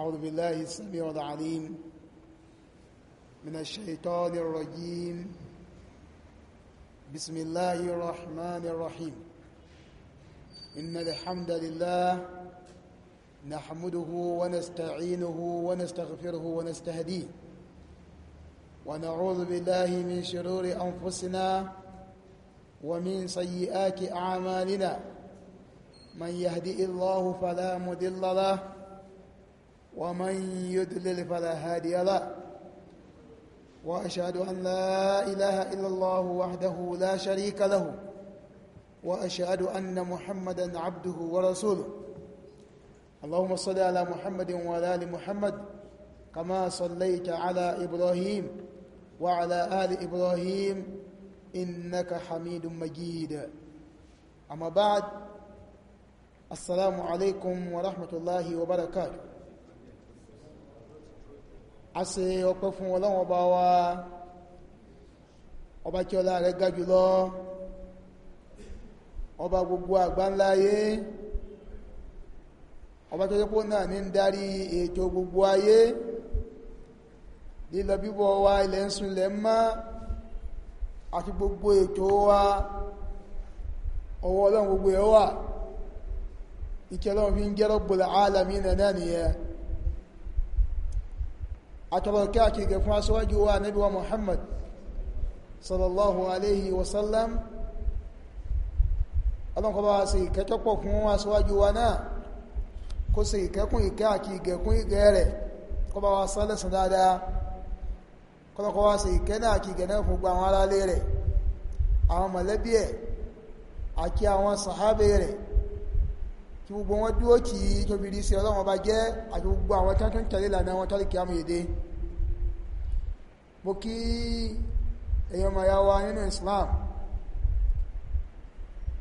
أعوذ بالله السميع العليم من الشيطان الرجيم بسم الله الرحمن الرحيم إن الحمد لله نحمده ونستعينه ونستغفره ونستهديه ونعوذ بالله من شرور أنفسنا ومن سيئات أعمالنا من يهدئ الله فلا مضل له ومن يدلل فلا هادي له وأشهد أن لا إله إلا الله وحده لا شريك له وأشهد أن محمدا عبده ورسوله اللهم صل على محمد وعلى آل محمد كما صليت على إبراهيم وعلى آل إبراهيم إنك حميد مجيد أما بعد السلام عليكم ورحمة الله وبركاته a se ọpẹ́ fún ọlọ́wọ́n ọba wa ọba ga jùlọ ọba gbogbo ayé ọba tó náà ní ń darí ètò gbogbo ayé lílọ gbogbo ètò wa ọwọ́ ọlọ́run gbogbo ẹ̀ wà fi ń atọ́lọ̀kẹ́ àkígẹ̀ fún aṣíwájú wa nabi wa muhammad sallallahu alaihi wasallam ọlọ́nkọba sí ìkẹ́kẹ́pọ̀ fún aṣíwájú wa náà kó sí ìkẹ́kún ìkẹ́ àkígẹ̀ kún ìgẹ́ rẹ̀ kọba wa sálẹ̀sùn dáadáa kọlọ́kọba sí ìkẹ́ náà tí gbogbo wọn dúró kì í tóbi rí sí ọlọ́wọ́n bá jẹ́ àti gbogbo àwọn tí wọ́n tún tẹ̀lé ìlànà wọn tọ́lì kí á mú èdè mo kí èèyàn mọ̀ya wa nínú Islam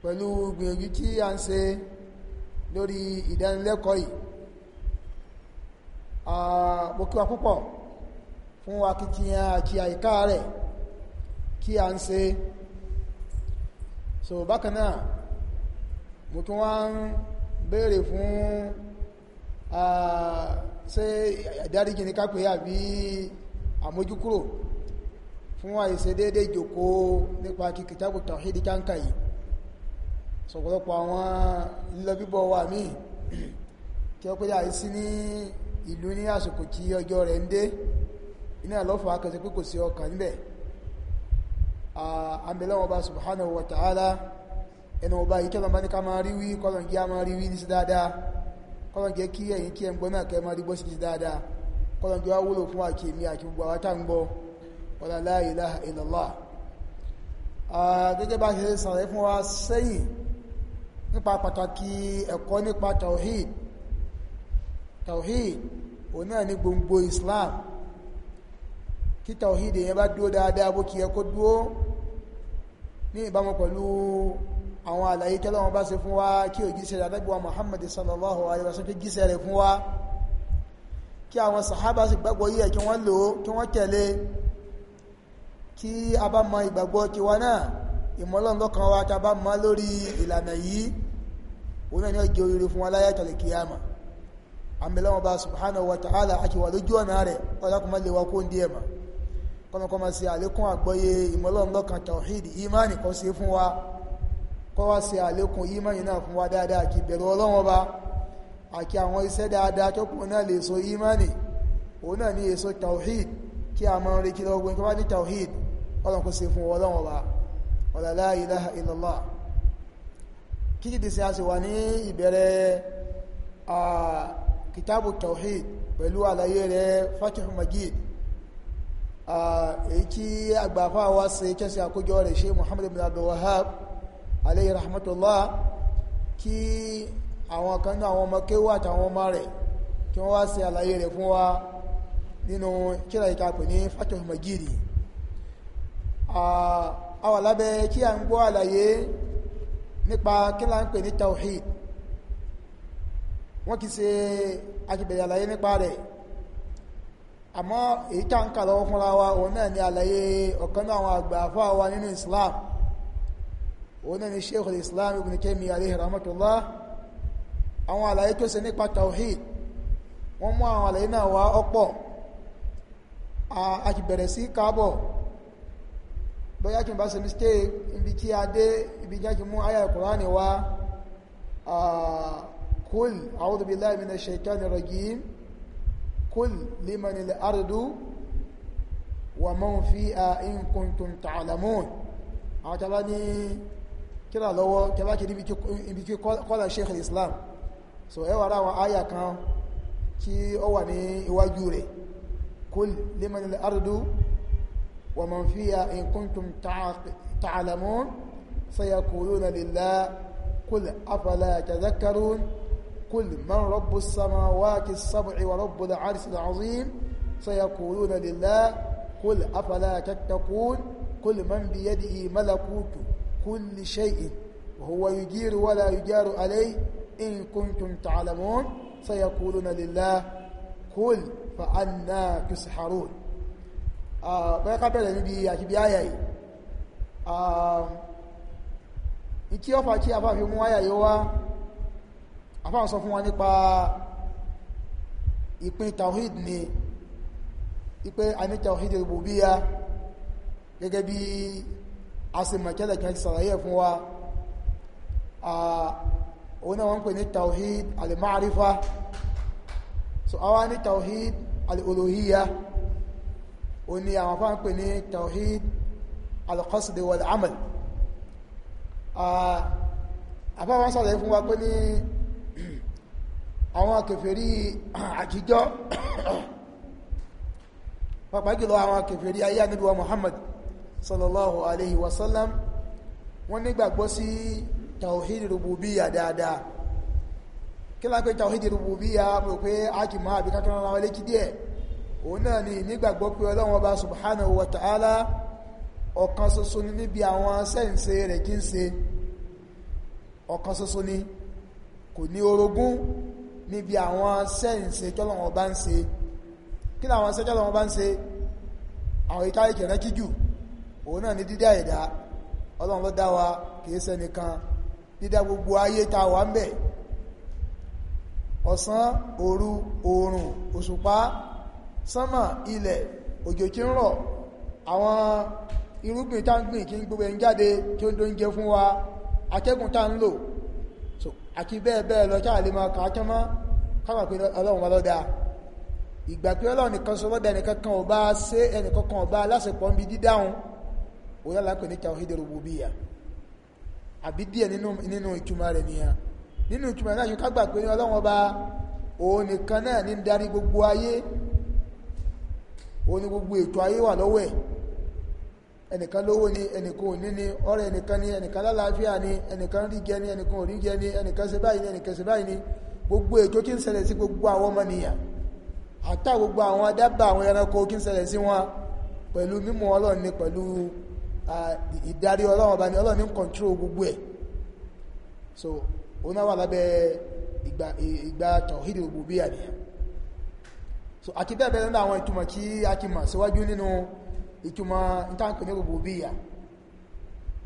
pẹ̀lú gbìyànjú tí a ń ṣe lórí ìdánilẹ́kọ̀ọ́ yìí mo kí wa púpọ̀ fún akitiyan àti àyíká rẹ̀ kí a ń ṣe so bákan náà mo tún wá ń béèrè fún ṣe ìdáríjì ní kápẹ́ àbí àmójúkúrò fún àìṣedéédé ìjòkó nípa kí kìtàbù tàwhídì káńkà yìí sọ̀pọ̀lọpọ̀ àwọn lílọ bíbọ̀ wà míì kí ọ pé àìsí ní ìlú ní àsìkò tí ọjọ́ rẹ̀ ń dé iná àlọ́fà akẹsẹ̀ pé kò sí ọkàn níbẹ̀ àmì lọ́wọ́ bá subhanahu wa ta'ala ẹnu ọba yìí kẹ́ bàbá ní ká máa rí wí kọ́lọ̀ jẹ́ máa rí wí ní sí dáadáa kọ́lọ̀ jẹ́ kí ẹ̀yin kí ẹ̀ ń gbọ́ náà kẹ́ máa rí bọ́ sí dáadáa kọ́lọ̀ jẹ́ wá wúlò fún àti èmi àti gbogbo àwọn ń gbọ́ wala la ilaha illallah gẹ́gẹ́ bá ṣe sàrẹ́ fún wa sẹ́yìn nípa pàtàkì ẹ̀kọ́ nípa tawhid tawhid òun náà ní gbogbo Islam kí tawhid èèyàn bá dúó dáadáa bó kí ẹ kó dúó ní ìbámu pẹ̀lú àwọn àlàyé tọ́lọ́wọ́n bá ṣe fún wa kí ò jíṣẹ́ àdábíwá Muhammad sallallahu alaihi wasallam kí jíṣẹ́ rẹ̀ fún wa kí àwọn sàhábà sì gbàgbọ́ yíyẹ kí wọ́n lò kí wọ́n tẹ̀lé kí a bá mọ ìgbàgbọ́ tiwa náà ìmọ́lọ́nlọ́kan wa ta bá mọ lórí ìlànà yìí òun ni wa kọ́wá ṣe àlékún ìmánì náà fún wa dáadáa kí bẹ̀rù ọlọ́wọ́n bá àkí àwọn iṣẹ́ dáadáa tó kùn náà lè so ìmánì òun náà ní èso tawhid kí a máa ń rí kí lọ́gbọ́n tó bá ní tawhid ọlọ́run kó fún ọlọ́wọ́n bá ọ̀là la ilaha alayhi rahmatullah kí àwọn kan náà àwọn ọmọ kéwà àtàwọn ọmọ rẹ̀ kí wọ́n wá ṣe àlàyé rẹ̀ fún wa nínú kíra ìtàpẹ̀ ní fatih magidi àwa lábẹ́ kí a ń gbọ́ àlàyé nípa kí la ń pè ní tawhid wọ́n kì í ṣe àjìbẹ̀rẹ̀ àlàyé nípa rẹ̀ àmọ́ èyí tá lọ́wọ́ fúnra wa òun náà ni àlàyé ọ̀kan àwọn àgbà àfáà wa nínú islam òun náà ni sheikhul islam ibn Taymiyyah alayhi rahmatullah àwọn àlàyé tó ṣe nípa tawhid wọ́n mú àwọn àlàyé náà wá ọ̀pọ̀ a ti bẹ̀rẹ̀ sí káàbọ̀ bóyá kí n bá ṣe mistake ibi tí a dé ibi jẹ́ kí mú ayà Kùránì wá kul a'udhu billahi minash shaitani rajim kul limanil ardu wa man fiha in kuntum ta'lamun àwọn tàbá ní kíra lọ́wọ́ kẹbákì ibi kí kọ́lá sheikh islam so ẹwà ara àwọn àyà kan tí ó wà ní iwájú rẹ̀ kul liman al-ardu wa man fiha in kuntum ta'lamun sayaquluna lillah kul afala tadhakkarun kul man rabbus samawati as-sab'i wa rabbul arshil azim sayaquluna lillah kul afala tattaqun kul man biyadihi malakutu كل شيء وهو يجير ولا يجار عليه إن كنتم تعلمون سيقولون لله كل فأنا تسحرون bẹ́ẹ̀ kápẹ̀lẹ̀ níbi àṣìbí àyà yìí ah, ìtí ọfà tí a fà fi mú àyà yìí wá afá sọ fún wa nípa ìpín tawhid ni ipé a tawhid rububiyya gẹ́gẹ́ bí a sì mọ̀ kẹ́lẹ̀ kan sàlàyé fún wa òun náà wọ́n pè ní tawhid al-ma'rifa so àwa ní tawhid al-uluhiyya ó ní àwọn afá ń pè ní tawhid al-qasd wal-amal afá wọn sàlàyé fún wa pé ní àwọn kèfèrí àjíjọ́ pàpàá jùlọ àwọn kèfèrí ayé ànábì wa sallallahu alaihi wasallam wọ́n nígbàgbọ́ sí tawhid rububiya dáadáa kí la pé tawhid rububiya mo pé ajima àbí kankan ra wale ki díẹ̀ òun náà ni nígbàgbọ́ pé Ọlọ́run Ọba subhanahu wa ta'ala ọ̀kan ṣoṣo ni níbi àwọn sẹ́ǹsẹ rẹ̀ kí ń ṣe ọ̀kan ṣoṣo ni kò ní orogún níbi àwọn sẹ́ǹsẹ tọ́lọ́run Ọba ń ṣe kí làwọn sẹ́ǹsẹ tọ́lọ́run Ọba ń ṣe àwọn ìkáyẹ̀kẹ̀rẹ́ kíjù òun náà ni dídá ẹ̀dá ọlọ́run ló wa kìí sẹ́nìkan dídá gbogbo ayé ta wà ń bẹ ọ̀sán òru oòrùn òṣùpá sánmà ilẹ̀ òjò tí ń rọ̀ àwọn irúgbìn tá ń gbìn kí ń gbogbo ẹ̀ ń jáde kí ó dóúnjẹ fún wa atẹ́gùn tá ń lò àti bẹ́ẹ̀ bẹ́ẹ̀ lọ tí a lè máa kà á tán mọ́ káwà pé ọlọ́run wa ló ìgbà pé ọlọ́run nìkan sọ ló ẹnìkan kan ò ṣe ẹnìkan kan ò bá ń bi dídáhùn òun náà lápẹ̀ ní tawhid rububiyya àbí a nínú ìtumọ̀ rẹ̀ n'inu n'inu ituma náà yóò kágbà ni ní ọlọ́run ọba òun nìkan náà ní darí gbogbo ayé òun ni gbogbo ètò ayé wà lọ́wọ́ ẹ̀ ẹnìkan lówó ni ẹnìkan ò ní ni ọ̀rẹ́ ẹnìkan ni ẹnìkan lálàáfíà ni ẹnìkan rí jẹ ni ẹnìkan ò ni ẹnìkan ṣe gbogbo ètò gbogbo àwọn àtà gbogbo àwọn adábà àwọn ẹranko kí sí wọn ìdarí ọlọ́run ọba ni ọlọ́run ní control gbogbo ẹ̀ so ó náà wà lábẹ́ ìgbà tọ̀hídì gbogbo bí àníyàn so àwọn ìtumọ̀ kí a ti mọ̀ síwájú nínú ìtumọ̀ ìtànkù ní gbogbo bí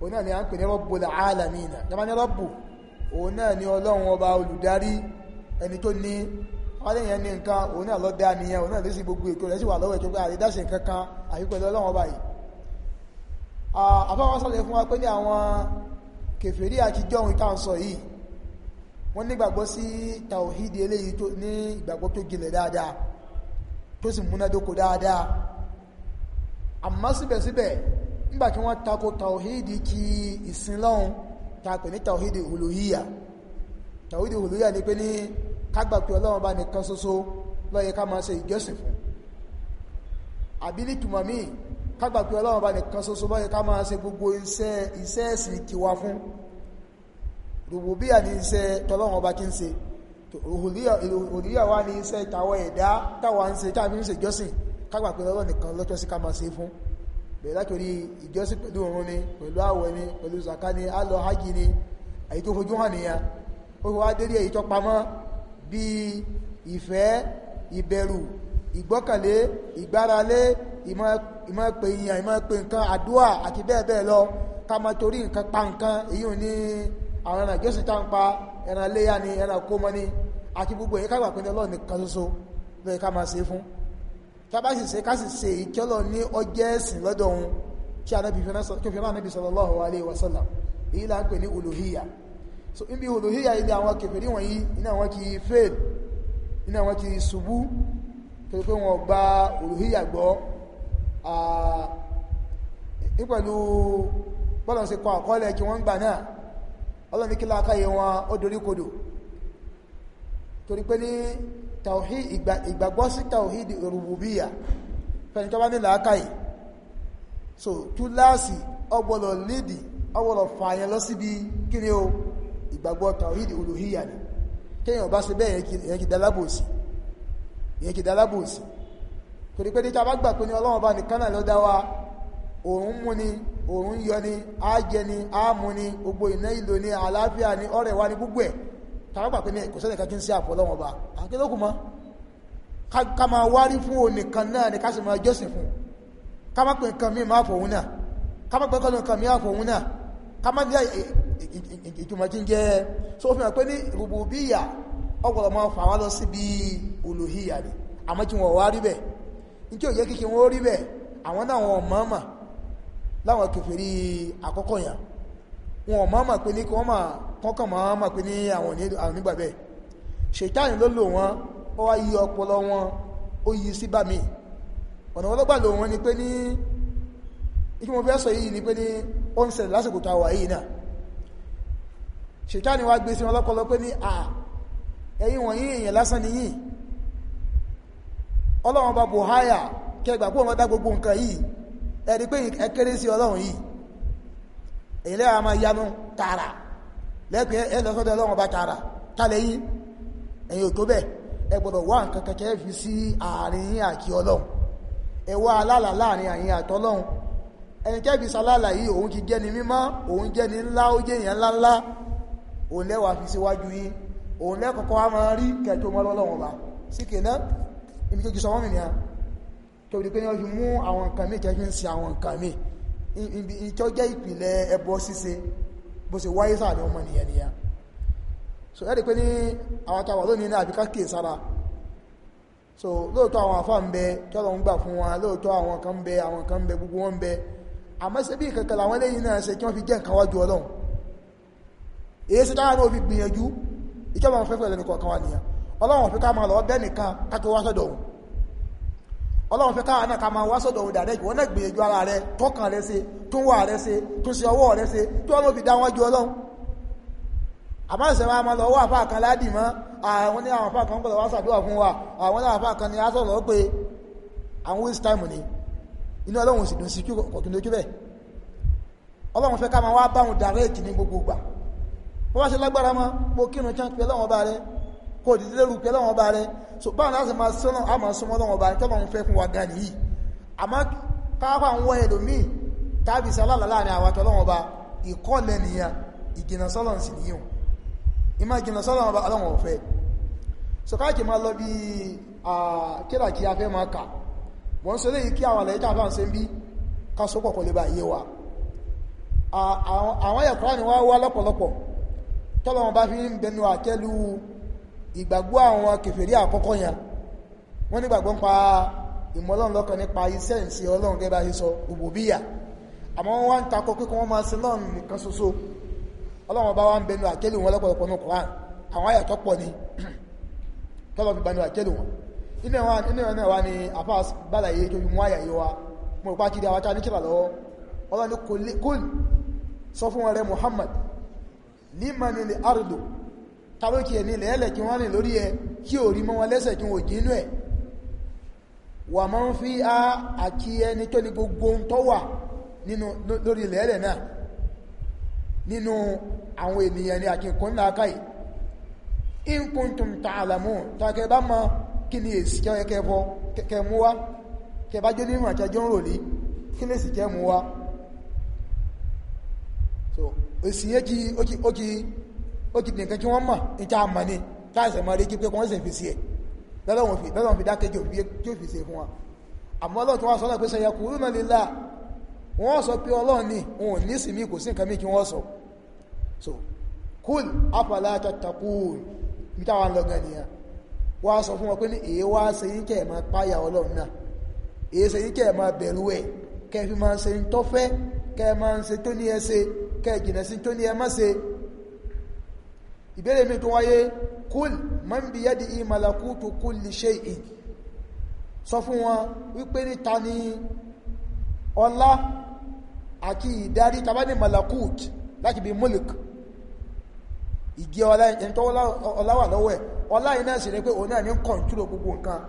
ni a ń pè ní rọ́bù làálàmìnà dábá ala rọ́bù òun náà ni ọlọ́run ọba olùdarí ẹni tó Ah, àbáwọn sọ̀rọ̀ fún wa pé ní àwọn kèfèrí àtijọ́ ohun ìta ń sọ yìí wọ́n nígbàgbọ́ sí tàwíìdì eléyìí ní ìgbàgbọ́ tó gilẹ̀ dáadáa tó sì múnádókò dáadáa àmọ́ síbẹ̀síbẹ̀ nígbà tí wọ́n tako tàwíìdì kí ìsìn lọ́hun tàpẹ̀ ní tàwíìdì olóhíyà tàwíìdì olóhíyà ni pé ní kágbà pé ọlọ́run bá nìkan ṣoṣo ló yẹ ká máa ṣe ìjọsìn fún àbílí kágbà pé ọlọ́run bá nìkan ṣoṣo bọ́yẹ ká máa ṣe gbogbo iṣẹ́ iṣẹ́ ẹ̀sìn kí wa fún rùbùbíyà ní iṣẹ́ tọ́lọ́run ọba kí ń ṣe òlíyà wá ní iṣẹ́ ìtàwọ̀ ẹ̀dá táwa ń ṣe táàbí ń ṣe ìjọsìn kágbà pé ọlọ́run nìkan lọ́tọ́ sí ká máa ṣe fún bẹ̀rẹ̀ látòrí ìjọsìn pẹ̀lú òun ìfẹ́ ìbẹ̀rù ìgbọ́kànlé ìgbáralé ìmọ̀ pé ìyàn ìmọ̀ pé nǹkan àdúà àti bẹ́ẹ̀ bẹ́ẹ̀ lọ ká máa torí nǹkan pa nǹkan èyí ò ní àwọn ẹran ìjọsìn tá ń pa ẹran léyà ni ẹran kómọ ni àti gbogbo èyí kágbà pínlẹ̀ Ọlọ́run nìkan ṣoṣo lóye ká máa ṣe fún tá bá sì ṣe ká sì ṣe èyí kí ní ọjẹ́ ẹ̀sìn lọ́dọ̀ òun anábì fi èyí là ń pè ní olùhíyà so níbi olùhíyà ilé àwọn kèfèrí wọ̀nyí iná wọn kì í fail iná wọn kì í ṣubú torí pé wọn gba olùhíyà gbọ́ pẹ̀lú bọ́lọ̀ sí kọ àkọọ́lẹ̀ kí wọ́n ń gbà náà ọlọ́run ní wọn ó dorí kodò torí pé ní ìgbàgbọ́ sí tawhid rububiyya fẹ́ni ní láàkáyé so túláàsì ọgbọ̀lọ̀ lédì ọgbọ̀lọ̀ fààyàn lọ síbi kí o ìgbàgbọ́ tawhid uluhiyya ni kéèyàn bá ṣe bẹ́ẹ̀ yẹn kì torí pé níta bá gbà pé ní ọlọ́run bá nìkan náà ló dá wa òun mú ni òun yọ ni á jẹ ni á mú ni gbogbo ìná ìlò ni àlàáfíà ni ọrẹ̀ wa ni gbogbo ẹ tá a gbà ní kò kan tí ń sí àpò ọlọ́run ọba mọ́ ká máa wárí fún onìkan náà ni ká sì máa jọ́sìn fún ká má pè nǹkan míì náà ká má nǹkan míì náà ká má bí ìtumọ̀ tí ń jẹ́ so fi hàn pé ní fà wá lọ tí ò yẹ kíkí wọn ó rí bẹ́ẹ̀ àwọn náà wọn mọ̀ọ́mọ̀ láwọn kèfèrí àkọ́kọ́ yẹn wọn mọ̀ọ́mọ̀ pé ní kí wọ́n máa kọ́kàn mọ̀ọ́mọ̀ pé ní àwọn onígbà bẹ́ẹ̀ ṣètáàní ló lò wọn ó wá yí ọpọlọ wọn ó yí sí bá mi ọ̀nà wọn lọ́gbà lò wọn ni pé ní kí mo fẹ́ sọ yìí ni pé ní ó ń ṣẹlẹ̀ lásìkò tá a wà yìí náà ṣètáàní wá gbé sí wọn lọ́pọlọ pé ní à ẹ̀yin wọ̀nyí èèyàn lásán ni yìí ọlọ́run bá buhaya kẹgbà kó wọn dá gbogbo nǹkan yìí ẹ̀rí pé ẹkẹrẹ sí ọlọ́run yìí èyí lẹ́yìn àmà yanu tààrà lẹ́pẹ́ ẹ lọ sọ́dọ̀ ọlọ́run bá tààrà kálẹ̀ yìí ẹ̀yìn òtó bẹ́ẹ̀ ẹ gbọ́dọ̀ wá nǹkan kẹkẹ́ fi sí àárín yín àti ọlọ́run ẹ wá alálà láàrin àyín àtọlọ́run ẹni kẹ́bi sálálà yìí òun ti jẹ́ni mímọ́ ibi tó jí sọ wọ́n mìíràn tó rí pé wọ́n fi mú àwọn nǹkan mí kẹfí ń sin àwọn nǹkan mí ibi tó jẹ́ ìpìlẹ̀ ẹbọ ṣíṣe bó ṣe wáyé sáàdẹ̀ ọmọ nìyẹn nìyẹn so ẹ́ rí pé ní àwọn tàwà lónìí ní àbíká kìí sára so lóòótọ́ àwọn àfá ń bẹ tọ́lọ ń gbà fún wọn lóòótọ́ àwọn kan ń bẹ àwọn kan ń bẹ gbogbo wọn ń bẹ àmọ́ ṣe bí kankan làwọn lẹ́yìn náà ṣe kí wọ́n fi jẹ́ nǹkan wájú ọlọ́run èyí ṣe táwọn náà fi gbìyànjú ìjọba àwọn fẹ́fẹ́ lẹ́nu kọ̀ọ̀kan wà nìyẹn ọlọ́run fẹ́ ká máa lọ bẹ́ nìkan káàkiri wá sọ́dọ̀ òun ọlọ́run fẹ́ káà náà ká máa wá sọ́dọ̀ òun dàdẹ́ ìwọ́n náà gbìyànjú ara rẹ tọ́kàn rẹ ṣe tún wà rẹ ṣe tún ṣe ọwọ́ rẹ ṣe tí wọ́n ló fi dá wọn ju ọlọ́run àmọ́ máa máa lọ wá àfáà kan ládì mọ́ àwọn ní àwọn àfáà kan gbọ́dọ̀ wá sàdúrà fún wa àwọn ní àfáà kan ni a sọ̀rọ̀ pé àwọn waste time ni inú ọlọ́run sì dùn sí kọ̀kìnlẹ̀ ojú bẹ́ẹ̀ ọlọ́run fẹ́ ká máa wá báwọn direct ní gbogbo ìgbà bó bá ṣe lágbára mọ́ mo kírun chance pé ọlọ́run ọba rẹ̀ kó o dìde lérú pé lọ́wọ́n ọba rẹ so báwọn láti máa sọ́nà á máa sọmọ́ lọ́wọ́n ọba rẹ tọ́lọ́ ń fẹ́ fún wa gan nìyí àmọ́ káwá ń wọ ẹlòmíì tábì sálàlà láàrin àwọn àtọ́lọ́wọ́n ọba ìkọ́lẹ̀ nìyà ìjìnà sọ́lọ̀ so káàkiri máa lọ bí kíláàkí afẹ́ máa kà wọ́n sọ léyìí kí àwọn àlẹ́jà bá ń ṣe ń bí ká sọ pọ̀pọ̀ lè bá yé wa àwọn ẹ̀kọ́ ìgbàgbọ́ àwọn kèfèrí àkọ́kọ́ yẹn wọ́n nígbàgbọ́ ń pa ìmọ̀lọ́run lọ́kàn nípa iṣẹ́ ìṣe ọlọ́run gẹ́gẹ́ bá ṣe sọ òbòbíyà àmọ́ wọ́n wá ń takọ pé kí wọ́n máa sin lọ́run nìkan ṣoṣo ọlọ́run bá wá ń bẹnu àkẹ́lù wọn lọ́pọ̀lọpọ̀ ní Qur'an àwọn àyàtọ̀ pọ̀ ni tọ́lọ̀ fi bẹnu àkẹ́lù wọn inú ẹ̀wọ̀n náà wá ní àfáà bàlàyé tó fi mú àyà yìí wa mo rò pákìdí àwọn akáni kílà lọ́wọ́ ọlọ́run kò sọ fún wọn rẹ Muhammad limanil ardu tàbíkì ẹni lẹ́ẹ̀lẹ̀ kí wọ́n rìn lórí ẹ kí ò rí mọ́ wọn lẹ́sẹ̀ kí wọ́n jí inú ẹ̀ wà máa ń fi á àkí ẹni tó ní gbogbo ohun tó wà lórí lẹ́ẹ̀lẹ̀ náà nínú àwọn ènìyàn ni in kuntum ta'lamun tàkẹ́ bá mọ kí ni èsì kẹ́ mú wá kẹ́ bá jó nínú àjọjọ́ ń ròlí kí lè sì kẹ́ mú ó ti dìkan kí wọ́n mọ̀ níta àmọ́ ni táàsẹ̀ mọ́ rí kí pé wọ́n sì fi sí ẹ̀ lọ́lọ́wọ́n fi lọ́lọ́wọ́n fi dákẹ́jì òfin tí ó fi ṣe fún wa àmọ́ ọlọ́run tí wọ́n sọ náà pé sẹ́yẹ kúrú náà lílá wọ́n sọ pé ọlọ́run ni òun ní sinmi kò sí nǹkan mí kí wọ́n sọ so kúl afọlá tatakúl bí táwọn lọ́gàn nìyẹn wọ́n sọ fún wọn pé ní èyí wá ṣe yín kẹ́ ẹ̀ máa páyà ọlọ́run náà èyí ṣe yín kẹ́ ẹ̀ máa bẹ̀rù ẹ̀ kẹ́ ẹ fi máa ṣe ń tọ́fẹ́ kẹ́ ẹ máa ń ṣe tó ní ẹ ṣe kẹ́ ẹ jìnà sí tó ní ẹ má ṣe ìbéèrè mi tó wáyé kúl man bi yadihi malakutu kulli shay'in sọ fún wọn wípé níta ni ọlá àti ìdarí tàbí malakut láti bí múlik ìgé ọlá wà lọ́wọ́ ẹ̀ ọlá iná sì rẹ̀ pé òun náà ní kọ̀ntúrò gbogbo nǹkan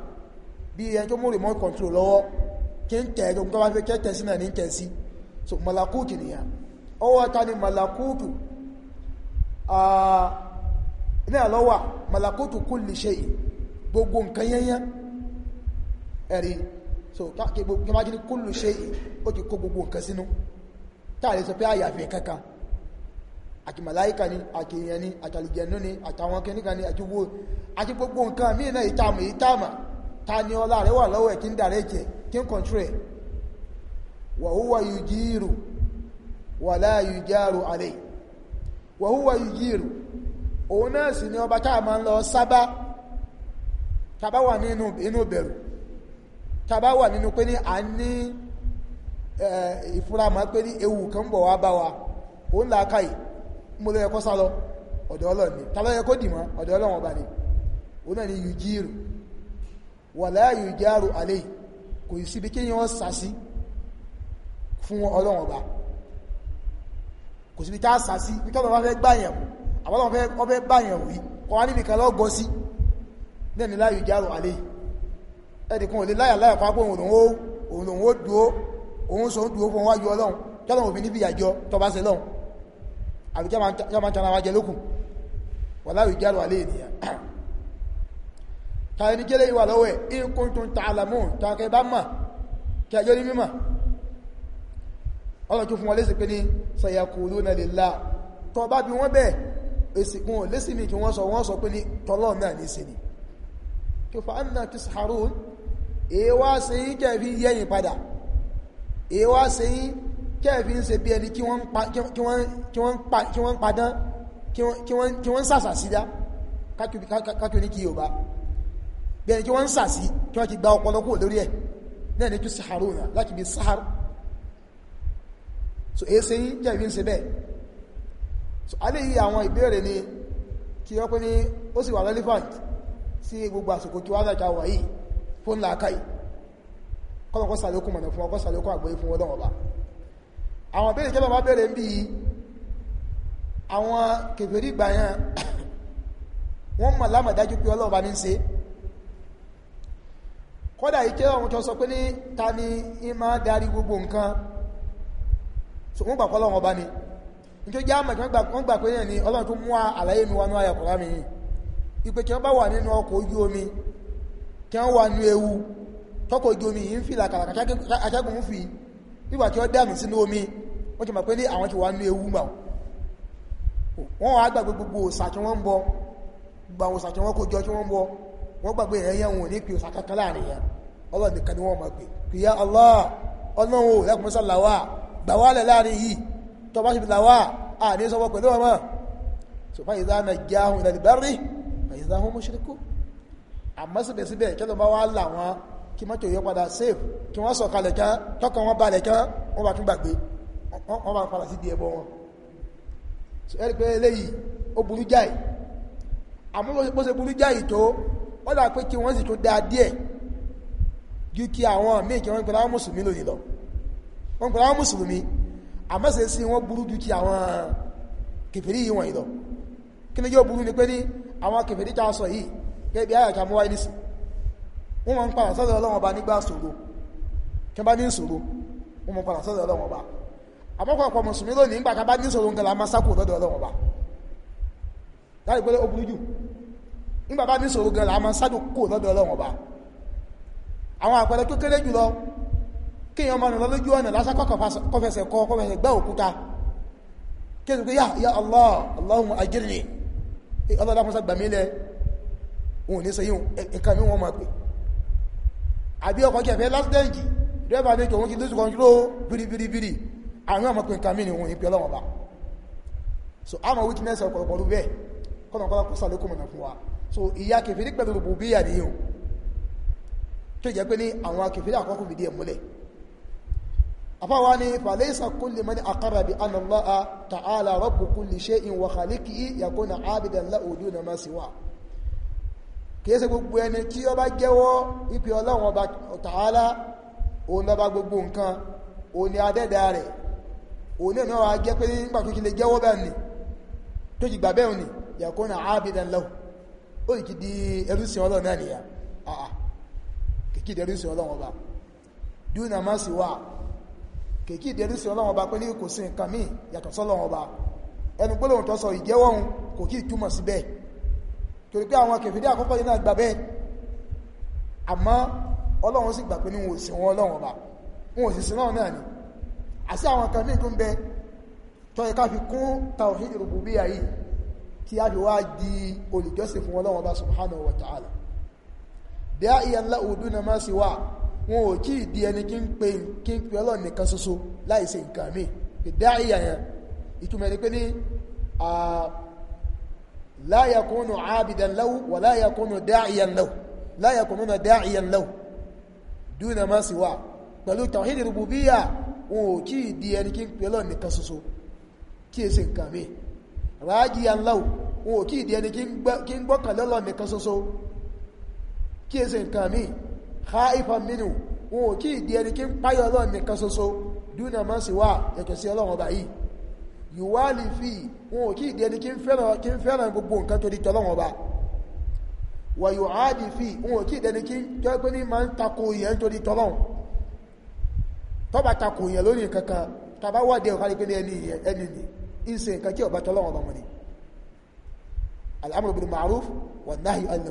bí ẹni tó mú remote control lọ́wọ́ kí ń tẹ̀ ẹjọ́ tó bá fẹ́ kẹ́tẹ̀ sí náà ní tẹ̀ sí so malakut nìyà ọwọ́ ta ni malakutu ní àlọ́wà malakutu kulli shay gbogbo nǹkan yẹnyẹn ẹ̀rí so kẹmájí ní kulli shay ó ti kó gbogbo nǹkan sínú táàrí sọ pé àyàfẹ́ kankan àti màláíkà ni àti èèyàn ni àti àlìjẹ̀nú ni àtàwọn kẹ́nìkan ni àti wo àti gbogbo nǹkan míì náà ìtààmù ìtààmà ta ni ọlá rẹ̀ wà lọ́wọ́ ẹ̀ kí ń dàrẹ́ jẹ kí ń kọ̀ntrú ẹ̀ wa huwa yujiru wa la yujaru alayhi wa huwa yujiru òun náà sì ni ọba táà máa ń lọ sábà tàbá wà nínú inú tàbá wà nínú pé ní a ní ìfura máa pé ní ewu kan bọ̀ wá bá wa òun là á káyì mo lọ yẹ kó sá lọ ọ̀dọ̀ ọlọ́run ni tàbá yẹ kó dì mọ́ ọ̀dọ̀ ọlọ́run ọba ni òun náà ni yujiru wala yujaru alayhi kò sí ibi kéèyàn ó sá sí fún ọlọ́run ọba kò sí ibi tá a sá sí bí kí ọlọ́run bá fẹ́ gbà yẹn àwọn ọbẹ̀ báyàn wí kọ́ wá níbìkan lọ gọ́ sí náà ni láyò járò alẹ́ ẹ̀dìkan ò lè láyà láyà pápọ̀ òun ó dúó òun sọ ń dúó fún wájú ọlọ́run tọ́lọ̀wò mi níbi àjọ tọba sí lọ́run àbí jẹ́mà tánà wájẹ lókùn wà láyò járò alẹ́ ènìyàn tàbí ní jẹ́lẹ̀ ìwà lọ́wọ́ ẹ̀ ikún tún ta àlàmù tàkẹ́ bá mà kí ajọ́ ní mímọ̀ ọlọ́tún fún wọn lẹ́sìn pé ní sàyàkùrú na lè la tọba bí wọ́n bẹ́ẹ̀ èsì wọn ò lésì mi kí wọ́n sọ wọ́n sọ pé ní tọ́lọ́ náà ní sí ni kí fa anna tusharun èèwá se yí kẹfí yẹ́yìn padà èèwá se yí kẹfí ń ṣe bí ẹni kí wọ́n padán kí wọ́n sàsà sí dá kákí ní kí yóò bá bí ẹni kí wọ́n sàsí kí wọ́n ti gba ọ̀pọ̀lọpọ̀ lórí ẹ̀ náà ní tusharun láti bí sahar so èèsè yí kẹfí ń ṣe bẹ́ẹ̀ so a lè yí àwọn ìbéèrè ni kí wọ́n pé ní ó sì wà relevant sí gbogbo àsìkò kí wọ́n dájá wà yìí fún làákàyè kọ́lọ̀kọ́ sàlékún mọ̀nà fún ọkọ́ sàlékún àgbóyé fún ọlọ́wọ́ bá àwọn ìbéèrè jẹ́ bàbá béèrè ń bí àwọn kèfèrí ìgbà yẹn wọ́n mọ̀ lámàdájú pé ọlọ́wọ́ bá ní ṣe ìkẹ́ àwọn tó sọ pé ní ta ni ìmá darí gbogbo nǹkan so wọ́n gbà pọ́lọ́wọ́ bá ní nke jẹ́ àmọ̀ ìkan wọ́n gbà yẹn ni ọlọ́run tó mú àlàyé mi wọnú ayọ̀ kọ̀ọ̀rá mi yìí ìpè kí wọ́n bá wà nínú ọkọ̀ ojú omi kí wọ́n wà nú ewu tọkọ̀ ojú omi yìí ń fi làkàlàkà aṣẹ́gun ń fi nígbà tí wọ́n dànù sínú omi wọ́n ti mọ̀ pé ní àwọn ti ewu mà wọ́n wá gbàgbé gbogbo tí wọ́n ń bọ gbogbo àwọn tí wọ́n kó tí wọ́n ń bọ wọ́n gbàgbé yẹn yẹn wọn ní pè òòṣà kankan láàrin yẹn ni wọ́n tó bá ṣe fi làwà à ní sọ́wọ́ pẹ̀lú ọmọ so fàyíza najjahum ilal barri fàyíza hum mushriku àmọ́ síbẹ̀síbẹ̀ kí ló bá wá là wọn kí mọ́tò yọ padà safe kí wọ́n sọ kalẹ̀ kán tọkàn wọn balẹ̀ kán wọ́n bá tún gbàgbé wọ́n bá padà sí di ẹbọ wọn so ẹ̀rí pé eléyìí ó burú jáì àmọ́ bó ṣe burú jáì tó ó dà pé kí wọ́n sì tún dáa díẹ̀ ju kí àwọn míì kí wọ́n pẹ̀lú àwọn mùsùlùmí lónìí lọ wọ́n pẹ̀lú àwọn mùsùlùmí àmọ́sẹ̀ sí wọ́n burú ju ti àwọn kèfèrí yìí wọ̀nyí lọ kí ni yóò burú ni pé ní àwọn kèfèrí tá a sọ yìí gẹ́gẹ́ bí ayàkà mú wáyé nísì wọ́n máa ń padà sọ́dọ̀ ọlọ́wọ́n ọba nígbà ṣòro kí wọ́n bá ní ṣòro wọ́n máa ń padà sọ́dọ̀ ọlọ́wọ́n ọba àmọ́kọ̀ọ̀pọ̀ mùsùlùmí lónìí nígbà kan bá ní àwọn àpẹẹrẹ kékeré jùlọ kéèyàn máa nà lójú ọ̀nà lásán kọ́fẹsẹ̀ kọ́ kọ́fẹsẹ̀ gbá òkúta kéèyàn pé yá ya allah allahumma ajirni ọlọ́dà fún sàgbàmílẹ̀ òun ní sẹ́yìn nǹkan e, e mi wọ́n máa pè àbí ọkọ̀ kí ẹ̀fẹ́ lásìdẹ́ǹkì dẹ́bà ní tòun kí lóṣù kọ́ńtúrò bìrìbìrìbìrì àwọn ọmọ pé nǹkan mi ni òun ìpẹ́ ọlọ́wọ́ bá so àwọn witness ọ̀pọ̀lọpọ̀ rú bẹ́ẹ̀ kọ́nàkọ́lá kó sàlékò mọ̀nà fún wa so ìyá kẹfìrí pẹ̀lú rògbòbíyà nìyẹn tó jẹ́ pé ní àwọn akẹfìrí àkọ́kù fìdí ẹ̀ múlẹ̀ àfáwà ni fàlẹ́ ìsàkó lè mẹ́ni àkàràbí anàláà tààlà rọ́bùkú lè ṣe ìwọ̀n kàlíkì yàkónà ábìdànlá òdú na máa síwá kìí ṣe gbogbo ẹni tí ó bá jẹ́wọ́ ipi ọlọ́run ọba tààlà òun lọ́ba gbogbo nǹkan òun ni adẹ́dà rẹ̀ òun náà wá jẹ́ pé nígbà tó ti lè jẹ́wọ́ bẹ́ẹ̀ ni tó ti gbà bẹ́ẹ̀ ni yàkónà ábìdànlá ó ti di ẹrúsìn ọlọ́run náà nìyà kìkì di ẹrúsìn ọlọ́run ọba dúnà máa síwá kèkí ìdẹ́rú sí ọlọ́run ọba pé ní kò sí nǹkan míì yàtọ̀ sọ́lọ́run ọba ẹnu gbólóhùn tó sọ ìjẹ́wọ́ òun kò kí ìtumọ̀ sí bẹ́ẹ̀ torí pé àwọn kèfìdí àkọ́kọ́ yìí náà gbà bẹ́ẹ̀ àmọ́ ọlọ́run sì gbà pé ní wọn wọn ọlọ́run ọba wọn ò sí náà náà ni àti àwọn kan míì tó ń bẹ tó yẹ ká fi kún tawhid rububiyya yìí kí a fi wá di olùjọ́sìn fún ọlọ́run ọba subhanahu wa ta'ala bí a ìyànlá òdú na má sí wà wọn ò kí ìdí ẹni kí ń pe kí ń pe ọlọ́run nìkan ṣoṣo láì ṣe nǹkan míì ìdá ìyà yẹn ìtumọ̀ ni pé ní la yakunu abidan lahu wa la yakunu da'iyan lahu la yakununa da'iyan lahu duna ma siwa pẹ̀lú tawhid ìdí khaifan minhu wọn ò kí ìdí ẹni kí ń páyọ̀ ọlọ́run nìkan ṣoṣo dúnà máa sì wà yàtọ̀ sí ọlọ́run ọba yìí yùwálì fi wọn ò kí ìdí ẹni kí ń fẹ́ràn kí ń fẹ́ràn gbogbo nǹkan torí tọ́lọ́run ọba wà yóò áàdì fi wọn ò kí ìdí ẹni kí tó ẹgbẹ́ ní máa ń tako tọ́lọ́run tọ́ba tako ìyẹn lórí nǹkan kan al-amru bil ma'ruf wan nahyu anil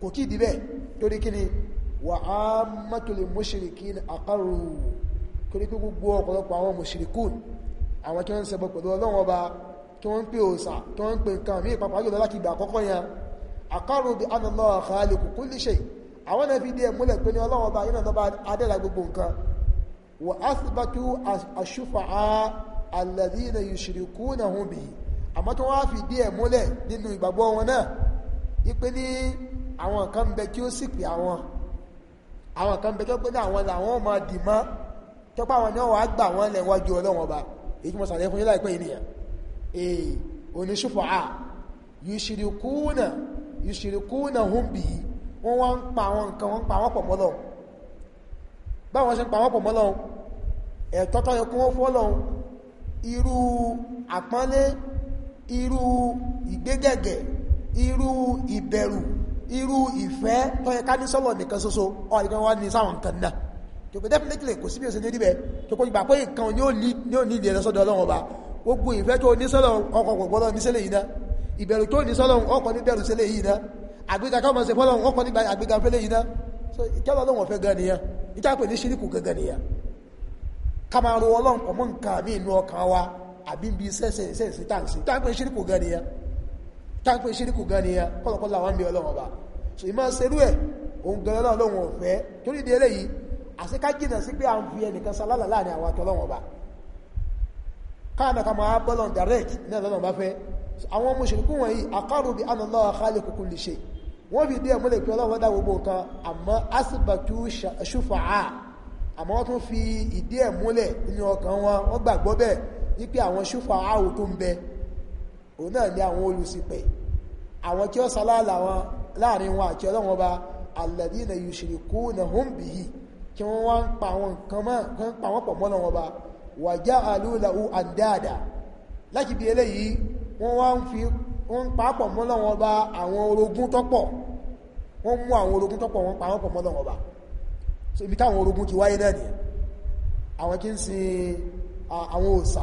kò tí ìdíbẹ̀ torí kí ni wà á mọ́tòlè mọ́ṣìrìkì ní àkàrù torí pé gbogbo ọ̀pọ̀lọpọ̀ àwọn mọ́ṣìrìkún àwọn tí wọ́n ń ṣẹbọ pẹ̀lú ọlọ́run ọba tí wọ́n ń pè òòṣà tí wọ́n ń pè nǹkan mí pàpà yóò láti ìgbà àkọ́kọ́ yẹn àkàrù bí anna Allah khaliqu kulli shay àwọn kan bẹ kí ó sì pè àwọn àwọn kan bẹ tó pé àwọn làwọn máa dì mọ́ tó pé àwọn náà wàá gbà wọ́n lẹ̀ wájú ọlọ́wọ́n ọba èyí mo sàlẹ̀ fún yín láìpẹ́ ènìyàn èè oníṣùfọ̀ à yùṣìrìkúnà yùṣìrìkúnà hùn bì í wọ́n wá ń pa àwọn nǹkan wọ́n ń pa wọ́n pọ̀ mọ́ Ọlọ́hun báwọn ṣe ń pa wọ́n pọ̀ mọ́ Ọlọ́hun ẹ̀tọ́ tó yẹ kó wọ́n fọ́ Ọlọ́hun irú àpọ́nlé irú ìgbégẹ̀gẹ̀ irú ìbẹ̀rù irú ìfẹ́ tó yẹ ká ní sọ́lọ̀ nìkan ṣoṣo ọ̀rẹ́gbẹ́ wá ní sáwọn nǹkan náà tó pé definitely kò sí bí o ṣe ní níbẹ̀ tó kó gbà pé nǹkan ní ò ní ìdí ẹ̀lọ́sọ́dọ̀ ọlọ́run ọba gbogbo ìfẹ́ tó ní sọ́lọ̀ ọkọ̀ gbọ̀gbọ́lọ́ ní sẹ́lẹ̀ yìí náà ìbẹ̀rù tó ní sọ́lọ̀ ọkọ̀ ní bẹ̀rù sẹ́lẹ̀ yìí so ìkẹ́lọ́ ọlọ́run ọ̀fẹ́ gan nìyẹn ìta pè ní ṣíríkù gangan nìyẹn ká máa ro ọlọ́run pọ̀ mọ́ nǹkan àmì inú ọkàn wa àbí bí sẹ́sẹ̀ táńpé ṣíríkù gan nìyẹn kọ́lọ̀kọ́lọ̀ àwọn bí ọlọ́run ọba so ìmọ̀ serú ẹ̀ òun gan náà lóhun ọ̀fẹ́ torí ìdí eléyìí àṣeká jìnà sí pé à ń fi ẹnìkan salálà láàrin àwọn àtọ́lọ́run ọba káàmì kan máa bọ́lọ̀ direct náà lọ́nà bá fẹ́ àwọn ọmọ ṣìrìkú wọ̀nyí aqarru bi anna Allaha khaliqu kulli shay wọ́n fi díẹ̀ múlẹ̀ pé ọlọ́run dá gbogbo nǹkan àmọ́ asibatu ṣùfàá àmọ́ wọ́n tún fi òun náà ni àwọn olùṣìpẹ̀ àwọn tí ó sálàlà wọn láàrin wọn àti ọlọ́wọ́n bá alladhina yushrikunahum bihi kí wọ́n wá ń pa àwọn nǹkan mọ́ ń pa wọ́n pọ̀ mọ́ lọ́wọ́n bá wa ja'alu lahu andada láti bí eléyìí wọ́n wá ń fi ń pàápọ̀ mọ́ lọ́wọ́n bá àwọn orogún tọ́pọ̀ wọ́n mú àwọn orogún tọ́pọ̀ wọ́n pa wọ́n pọ̀ mọ́ lọ́wọ́n bá so ibi táwọn orogún ti wáyé náà nìyẹn àwọn kí ń sin àwọn òòsà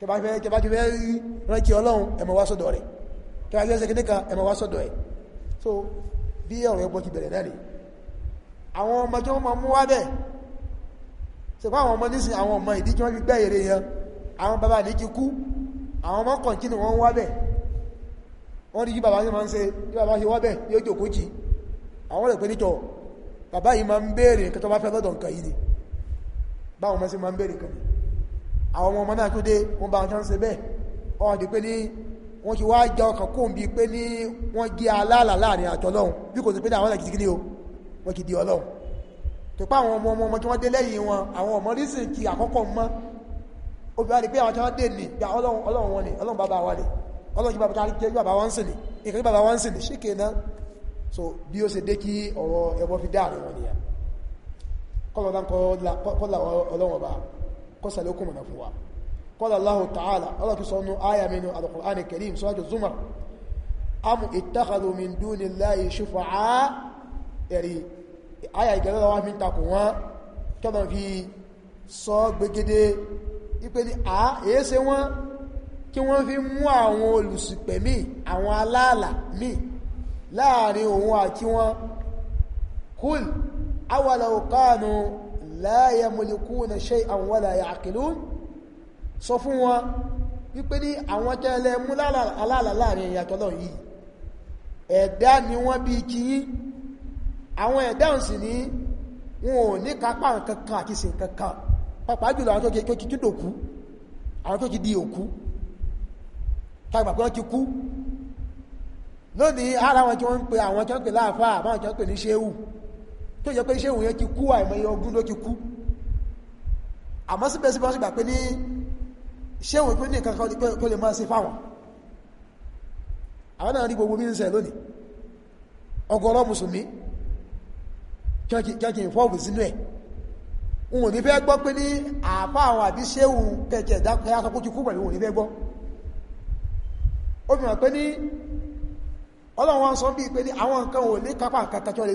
tẹbá ti fẹ́ rí ránkí ọlọ́run ẹ máa wá sọ́dọ̀ rẹ̀ tẹbá ti fẹ́ ṣe kíníkan ẹ máa wá sọ́dọ̀ ẹ̀ so bí ọ̀rọ̀ ẹgbọ́ ti bẹ̀rẹ̀ náà rèé àwọn ọmọ tí wọ́n máa mú wá bẹ̀ ṣùgbọ́n àwọn ọmọ nísìn àwọn ọmọ ìdí tí wọ́n fi gbẹ́ èrè yẹn àwọn bàbá ní ti kú àwọn ọmọ kàn kí ni wọ́n wá bẹ̀ wọ́n rí bí bàbá ṣe máa ń ṣe bí bàbá ṣe wá bẹ̀ yóò jòkó jì àwọn rẹ̀ pé nítọ̀ bàbá yìí máa ń béèrè nǹkan tó bá fẹ́ lọ́dọ̀ nǹkan yìí ni báwọn ọmọ sí máa ń béèrè nǹkan àwọn ọmọ náà tó dé wọ́n bá tán ṣe bẹ́ẹ̀ ọ̀hún di pé ní wọ́n ti wá já ọkàn kó bí pé ní wọ́n gé aláàlà láàrin àtọ́lọ́hun bí kò sí pé àwọn ẹ̀kìtì ní o wọ́n ti di ọlọ́hun tó pa àwọn ọmọ ọmọ tí wọ́n dé lẹ́yìn wọn àwọn ọmọ rísì kí àkọ́kọ́ mọ́ obìnrin ni pé àwọn tí wọ́n dé ní gba ọlọ́hun wọn ni ọlọ́hun bàbá wa ni ọlọ́hun bàbá jẹ́ bàbá wọn sì ni ìkàrí bàbá wọn sì ni ṣíkè náà so bí ó ṣe dé kí ọ̀rọ̀ ẹbọ fi dáàrin wọn nìyà kọ́lọ̀ náà kọ́ ọba kọ́sàlẹ̀ ó kò mọ̀nà fún wa qala Allahu ta'ala ọlọ́kì sọ́nù àyà mẹ́nu al-Qur'an al-Karim suratu Zumar am ittakhadhu min dunillahi shufa'a ẹ̀rí àyà ìgbẹ̀lẹ́lọ́ wá fi ń takò wọ́n tọ́nà fi sọ gbégede ipé ni à èése wọ́n kí wọ́n fi mú àwọn olùsìpẹ̀ míì àwọn aláàlà míì láàrin òun àti wọn kúl awalaw la yamlikuna shay'an wala ya'qilun sọ fún wọn wípé ní àwọn tẹ́lẹ̀ mú aláàlá láàrin ìyàtọ̀ lọ yìí ẹ̀dá ni wọ́n bí kìí àwọn ẹ̀dá sì ní wọn ò ní kápá kankan àti sin kankan pàpàá jùlọ àwọn tó ti kídò kú àwọn tó ti di òkú tàgbà pé wọ́n ti kú lónìí ara wọn tí wọ́n pe àwọn tí wọ́n pe láàfáà àbáwọn tí wọ́n pe ní ṣéhù tó jẹ́ pé iṣẹ́ òun yẹn ti kú àìmọye ọdún ló ti kú àmọ́ síbẹ̀síbẹ̀ wọ́n sì gbà pé ní iṣẹ́ òun pé ní nǹkan kan kó lè máa ṣe fáwọn àwọn náà rí gbogbo bí ń ṣe lónìí ọ̀gọ̀rọ̀ mùsùlùmí kí n fọ́ọ̀bù sínú ẹ̀ òun ní fẹ́ gbọ́ pé ní àpá àwọn àbí ṣéhù kẹ̀kẹ̀ dákọ̀ ti kú pẹ̀lú òun ní fẹ́ gbọ́ ó fi hàn pé ní ọlọ́run wọn sọ bí pé ní àwọn nǹkan ò ní kápá kàkàkọ́ lè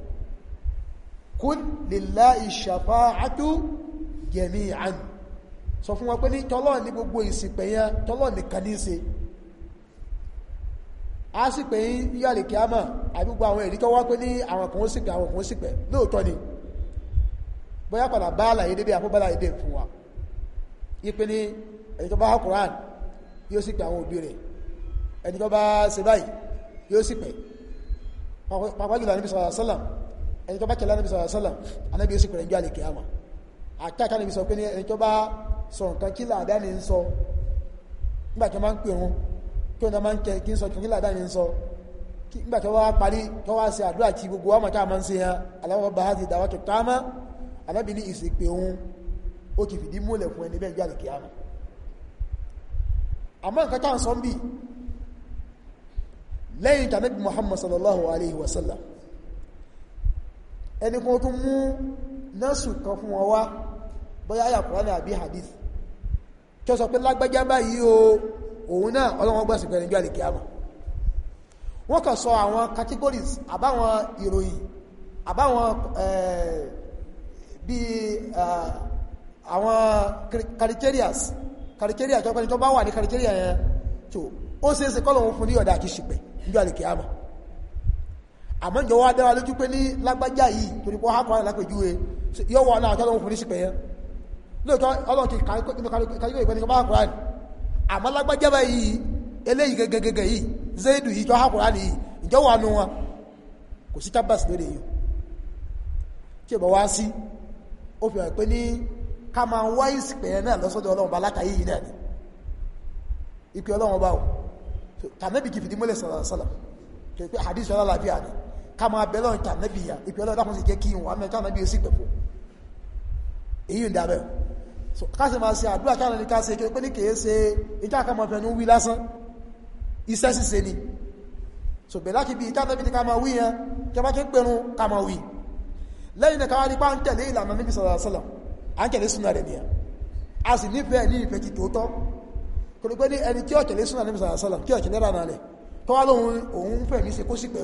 kul lillahi shafa'atu jami'an sọ fún wọn pé ní tọ́lọ́ ní gbogbo ìsìnpẹ̀ yẹn tọ́lọ́ nìkan ní ṣe a sì pé yíyàlè kí a mọ̀ àgbúgbò àwọn èrí tó wá pé ní àwọn kan ó sìnpẹ̀ àwọn kan ó sìnpẹ̀ lóòótọ́ ni bóyá padà bá àlàyé débé àpó bálàyé dé fún wa ipe ní ẹni tó bá ha Quran yóò sìnpẹ̀ àwọn òbí rẹ̀ ẹni tó bá ṣe báyìí yóò sìnpẹ̀ pàpàjùlọ níbi sallallahu alaihi ẹni tó bá kẹlẹ́ anábì sọ̀rọ̀ sọ́lọ̀ anábì yóò sì pẹ̀lẹ́ ìjọ àlèkè àmà àtàkà anábì sọ pé ní ẹni tó bá sọ nǹkan kí làdá ni ń sọ nígbà tó máa ń pè wọn kí wọn máa ń kẹ kí ń sọ kí làdá ni ń sọ nígbà tó wá parí tó wá ṣe àdúrà tí gbogbo àwọn tá a máa ń ṣe yẹn aláwọ̀ bá ti dàwọ́ tó tá a ní ìsìnkú òun ó ti fìdí múlẹ̀ fún ẹni bẹ́ẹ̀ ìjọ àlèkè àmà àmọ́ nǹkan táwọn sọ ń bì lẹ́yìn tàbí Muhammad sallallahu alayhi wa sallam ẹni kan tó mú nọ́ọ̀sù kan fún wọn wá bóyá àyà Kùránì àbí hadith kí ó sọ pé lágbájá báyìí o òun náà ọlọ́wọ́n gbọ́sùn pẹ̀lú ìjọ àlèkè àmà wọ́n kàn sọ àwọn categories àbáwọn ìròyìn àbáwọn bí àwọn caricarias caricarias tó pẹ́ni tó bá wà ní caricarias yẹn tó ó ṣeéṣe kọ́lọ̀ wọn fún ní ọ̀dà àti ìjọ àlèkè àmà àmọ́jọ wá dára lójú pé ní lágbájá yìí torí pọ́ hákọ̀ rẹ̀ lápẹjúwe yóò wà náà tọ́lọ́wọ́ fún níṣìpẹ̀ yẹn lóòótọ́ ọlọ́run ti kàríkò ìpẹ́ ní kọ́ hákọ̀ rẹ̀ àmọ́ lágbájá báyìí eléyìí gẹ́gẹ́gẹ́gẹ́ yìí zaidu yìí tọ́ hákọ̀ rẹ̀ yìí ìjọ wà nù wọn kò sí tábàsì lórí èèyàn tí ìbọn wá sí ó fi hàn pé ní ká máa wá ìsìpẹ̀ yẹn náà lọ́sọ́dọ̀ ọlọ́run bá látàyè yìí náà ni ìpè ọlọ́run bá o tàbí kìfìdí mọ́lẹ̀ Kama máa bẹ lọ́run tà nẹ́bì yà ìpẹ́ lọ́run dákùn sí jẹ́ kí n wà mẹ́ta nẹ́bì sí pẹ̀pọ̀ èyí ń dábẹ̀ ká sì máa ṣe àdúrà ká ní ká ṣe kí pé ní kìí ṣe ìta àkàmọ̀ wí lásán iṣẹ́ ṣíṣe ni so bẹ̀lá kí bí ìta nẹ́bì ní ká máa wí yẹn kí a bá kí pẹ̀rún ká máa wí lẹ́yìn náà káwá nípa ń tẹ̀lé ìlànà níbi sọ̀rọ̀ sọ̀lọ̀ à ń tẹ̀lé súnà rẹ̀ nìyẹn a sì nífẹ̀ẹ́ ní ìfẹ́ ti tòótọ́ kò ní pé ẹni tí ó tẹ̀lé súnà níbi kí ó náà rẹ̀ tọ́wá lóhun òun fẹ̀mí ṣe kó sì pẹ̀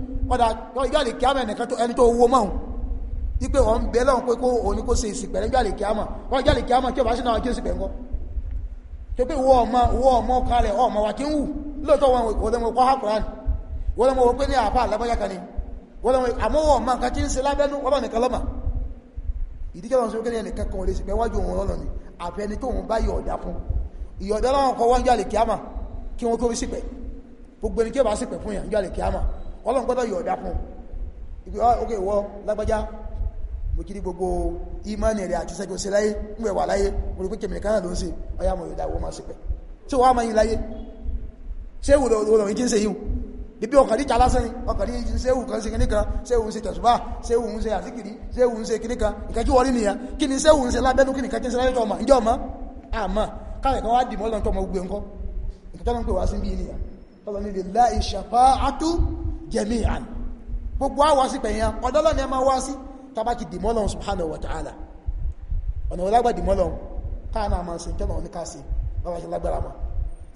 padà ìjọ́lẹ̀ kí á mẹ́ nìkan ẹni tó owó mọ́un wípé wọ́n ń bẹ́ lọ́wọ́n pé kó òní kó ṣe ìsìpẹ̀lẹ̀ ìjọ́lẹ̀ kí á mọ̀ wọ́n ìjọ́lẹ̀ kí á mọ̀ tí ó bá ṣe náà kí ó sì pẹ̀ ń kọ́ tó pé wọ́n ọmọ wọ́n ọmọ kalẹ̀ ọmọ wa kí ń wù lóòótọ́ wọn wọ́n lọ́mọ kọ́ hákùrán wọ́n lọ́mọ wọ́n pé ní àpá àlábọ́yá kan ni wọ́n lọ́mọ àmọ́ wọ́n ọmọ nǹkan tí ń ṣe lábẹ́nú wọ́n bá nìkan lọ́mọ ìdíjẹ́ lọ́mọ sókè ní kan o lè sì pẹ́ wájú òun lọ́nà ni àfẹni tó òun bá yọ ọ̀dà fún ìyọ̀dọ́ lọ́wọ́n kọ́ wọ́n jálè kíámà kí wọ́n tó rí sípẹ̀ gbogbo ẹni tí ó bá sípẹ̀ fún yàn jálè kíámà ọlọ́run gbọ́dọ̀ yọ̀ ọ̀dá fún ibi ókè ah, wọ lágbájá mo kiri gbogbo ìmánì rẹ̀ àti sẹ́gbẹ̀ òsèláyé ń wẹ̀ láyé mo rí pé kèmìnì kan náà ló ń ṣe ọyá mo yọ̀dá wọ́n máa ṣe pẹ̀ tí wọ́n á máa yin láyé ṣé wò lọ́rọ̀ yìí ti ń ṣe yìí bíbí ọkàn rí jalá sẹ́yìn ọkàn rí ṣéwù kan ṣe kìíní kan ṣéwù ń ṣe tẹ̀sùbá ṣéwù ń ṣe àsìkiri ṣéwù ń ṣe kìíní kan ìkẹjú wọlé nìyà kí ni ṣéwù ń ṣe lábẹ́nu kí jami'an gbogbo àwọn sí pẹ̀yàn ọ̀dọ́lọ́ ni a máa wá sí tàbá ti dìmọ́lọ̀ subhanahu wa ta'ala ọ̀nà olágbà dìmọ́lọ̀ káàna àmà sí tẹ́lọ̀ oníkàsí bàbá ṣe lágbára ma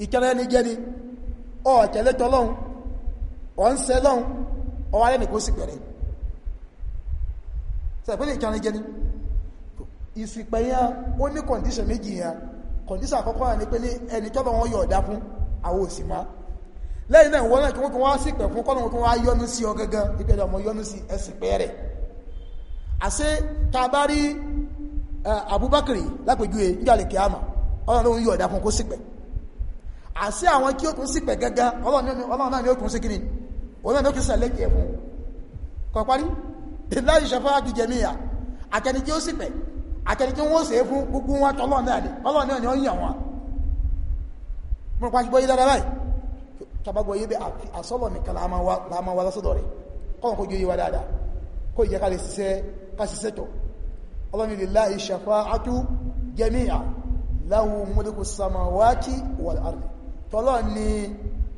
ìkẹrẹ ní jẹ́ ni ọ̀ tẹ̀lé tọ́lọ́hun ọ̀ ń sẹ́ lọ́hun ọwá lẹ́nì kó sì pẹ̀rẹ̀ sẹ̀pẹ́lẹ̀ ìkẹrẹ jẹ́ ni ìsù ìpẹ̀yàn ó ní kọ̀ndíṣẹ̀ méjì yẹn kọ̀ndíṣẹ̀ àkọ́kọ́ ni pé ẹni tọ́lọ̀ wọn yọ̀ ọ̀dá fún àwọn òsì máa lẹ́yìn náà wọ́n náà kí wọ́n kí wọ́n á sì pẹ̀ fún kọ́nà kí wọ́n á yọ́nú sí ọ gẹ́gẹ́ ìpẹ́lẹ̀ ọmọ yọ́nú sí ẹsìn pẹ́ rẹ̀ àṣẹ ta bá rí Abubakar lápèjúwe níjàlè kíámà Ọlọ́run ló ń yọ ọ̀dà fún kó sì pẹ̀ àṣẹ àwọn kí ó tún sì pẹ̀ gẹ́gẹ́ Ọlọ́run náà ni ó tún sí kíni òun náà ni ó tún sẹ̀ lẹ́kì ẹ̀fún kọ̀ parí láì ṣẹfẹ́ àti jẹmíyà àtẹni tí ó sì pẹ̀ àtẹni tí wọ́n sèé fún gbogbo wọn tọ́lọ́ náà ni Ọlọ́run náà ni ó ń yàn wọn mo rò pa ṣùgbọ́n yí dáadáa báyìí tabagbọ́ yé bẹ́ àsọ́lọ̀ nìkan láàmà wá lásọ́dọ̀ rẹ̀ kọ́nà kó jó yé wa dáadáa kó ìjẹ́ ká lè ṣiṣẹ́ ká ṣiṣẹ́ tọ̀ ọlọ́ni lillahi shafa'atu jami'a lahu mulku samawati wal ardi tọ́lọ́ ni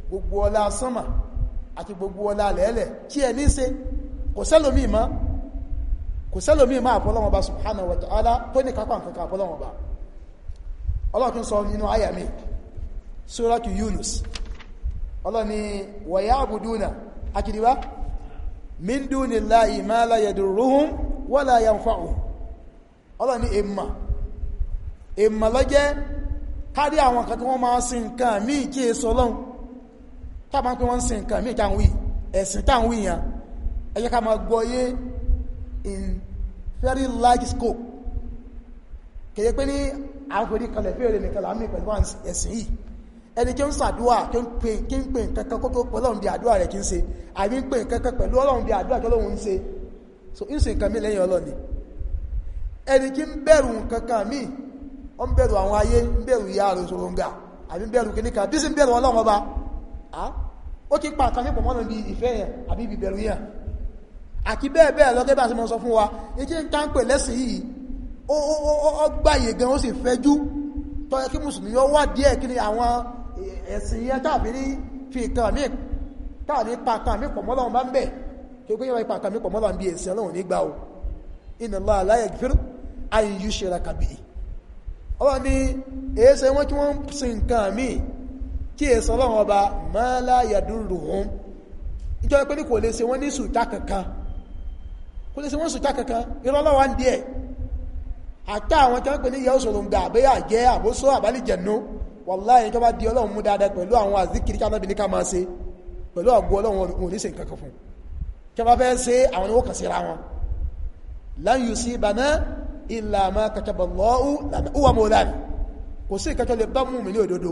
gbogbo ọlá sánmà àti gbogbo ọlá lẹ́lẹ̀ tí ẹ ní ṣe kò sẹ́lòmí ma kò sẹ́lòmí ma àpọ́lọ́wọ́ ba subhanahu wa ta'ala tó ní kápá nǹkan àpọ́lọ́wọ́ ba ọlọ́tún sọ nínú àyàmì suratu Yunus ọlọ́ni wọ̀yá àbùdúnà akìdíwá min dunillahi ma la yadurruhum wala yanfa'uhum ọlọ́ni èmà èmà lọ́jẹ́ kárí àwọn kan tí wọ́n máa sin nǹkan míì kí è sọ lọ́hun tàbí pé wọ́n sin nǹkan míì táwọn wí ẹ̀sìn táwọn wí yàn ẹ jẹ́ ká máa gbọ́yé in very large scope kèye pé ní àwọn òfin kalẹ̀ fèrè nìkan láàmì pẹ̀lú ẹ̀sìn yìí ẹni tí ó ń sàdúwà ń pè kí ń pè kankan kókó pọ̀lọ́run bí àdúwà rẹ̀ kí ń ṣe àbí ń pè kankan pẹ̀lú ọlọ́run so ń nǹkan mí lẹ́yìn ọlọ́ni ẹni kí ń bẹ̀rù kankan mí ó ń bẹ̀rù àwọn ayé ń bẹ̀rù ìyá rẹ̀ àbí ń bẹ̀rù kìnnìkan bí sì ń bẹ̀rù ọlọ́run ọba ó ti pa àkànṣe pọ̀ mọ́nà bí ìfẹ́ yẹn àbí ibi bẹ̀rù yẹn àti bẹ́ẹ̀ bẹ́ẹ̀ lọ bá ṣe mọ́ sọ fún wa ètí ń ká pè lẹ́sìn yìí ó gbàyè gan ó sì fẹ́jú tọ́yẹ kí mùsùlùmí ó ẹ̀sìn yẹn tàbí ní fi ìtàn mí tàbí pàkà mí pọ̀ mọ́lọ́run bá ń bẹ̀ tó gbé yẹn pàkà mí pọ̀ mọ́lọ́run bí ẹ̀sìn ọlọ́run ní gbà o inna Allaha la yaghfiru an yushraka bihi ọlọ́run ní èéṣe wọn tí wọ́n ń sin nǹkan mí kí ẹ̀sìn ọlọ́run ọba ma la yadurruhum ìjọ pé ní kò lè ṣe wọ́n ní sùtá kankan kò lè ṣe wọ́n sùtá kankan ìrọ́lọ́wà ń díẹ̀ àtà àwọn tí wọ́n pè ní yẹ́ òṣòro ń gbà àbẹ́yà jẹ́ àbóṣọ́ àbálìjẹ̀nú wàláyé tó bá di ọlọ́run mú dáadáa pẹ̀lú àwọn àzíkiri kánábìlì ká máa ṣe pẹ̀lú ọgbọ́ ọlọ́run wọn ní ṣe nǹkan kan fún kí wọ́n fẹ́ ṣe àwọn oníwọ̀n kàn sí ra wọn lan yusibana illa ma kataballahu huwa mawlana kò sí ìkẹjọ lè bá mú mi ní òdodo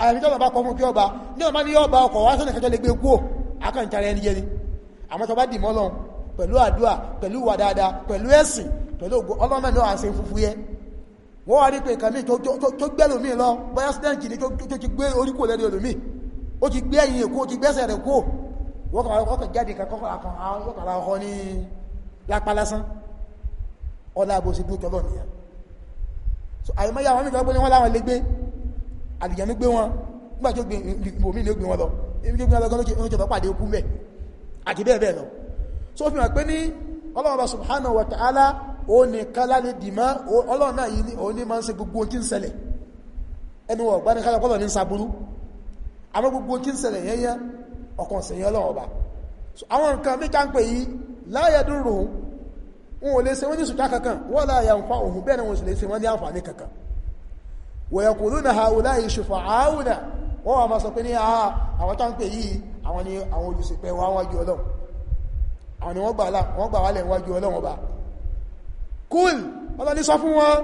àyàfi tọ́lọ̀ bá kọ́ fún kí ọba ní ọba ní ọba ọkọ̀ wá wọ́n wá rí pé nǹkan míì tó gbé lómi lọ bóyá student ni tó ti gbé orí kò lẹ́rí olómi ó ti gbé ẹ̀yìn èkó ó ti gbẹ́sẹ̀ rẹ̀ kó wọ́n kàn jáde kọ́kànlá ọkọ̀ ní lápá lásán ọlá àbòsí dúkẹ́ lọ nìyà so àyọmọ́yà wọn nígbàgbọ́ ni wọ́n láwọn lè gbé àlìjànú gbé wọn nígbà tó gbé ìbòmí ní ó gbé wọn lọ ebi tó gbé wọn lọ gọ́lọ́kì oúnjẹ tó pàdé okú mẹ́ àti bẹ́ẹ̀ bẹ́ẹ̀ lọ so fi hàn pé ní Ọlọ́run subhanahu wa ta'ala o nìkan láni dìmá ọlọ́run náà yìí òun ní máa ń ṣe gbogbo tí ń ṣẹlẹ̀ ẹnu ọ̀gbá ní kálọ̀kọ́lọ̀ ní sàbúrú àmọ́ gbogbo tí ń ṣẹlẹ̀ yẹnyẹn ọkàn sẹ̀yìn ọlọ́run ọba àwọn nǹkan méjì ń pè yìí láyé dúró wọn ò lè ṣe wọ́n ní sùtá kankan wọ́n láyà ń fa òhun bẹ́ẹ̀ ni wọ́n sì lè ṣe wọ́n ní àǹfààní kankan wọ̀yẹ̀kùnrúnà haúlá ìṣòfò àáwùnà wọ́n wà kúl ọlọ́ni sọ fún wọn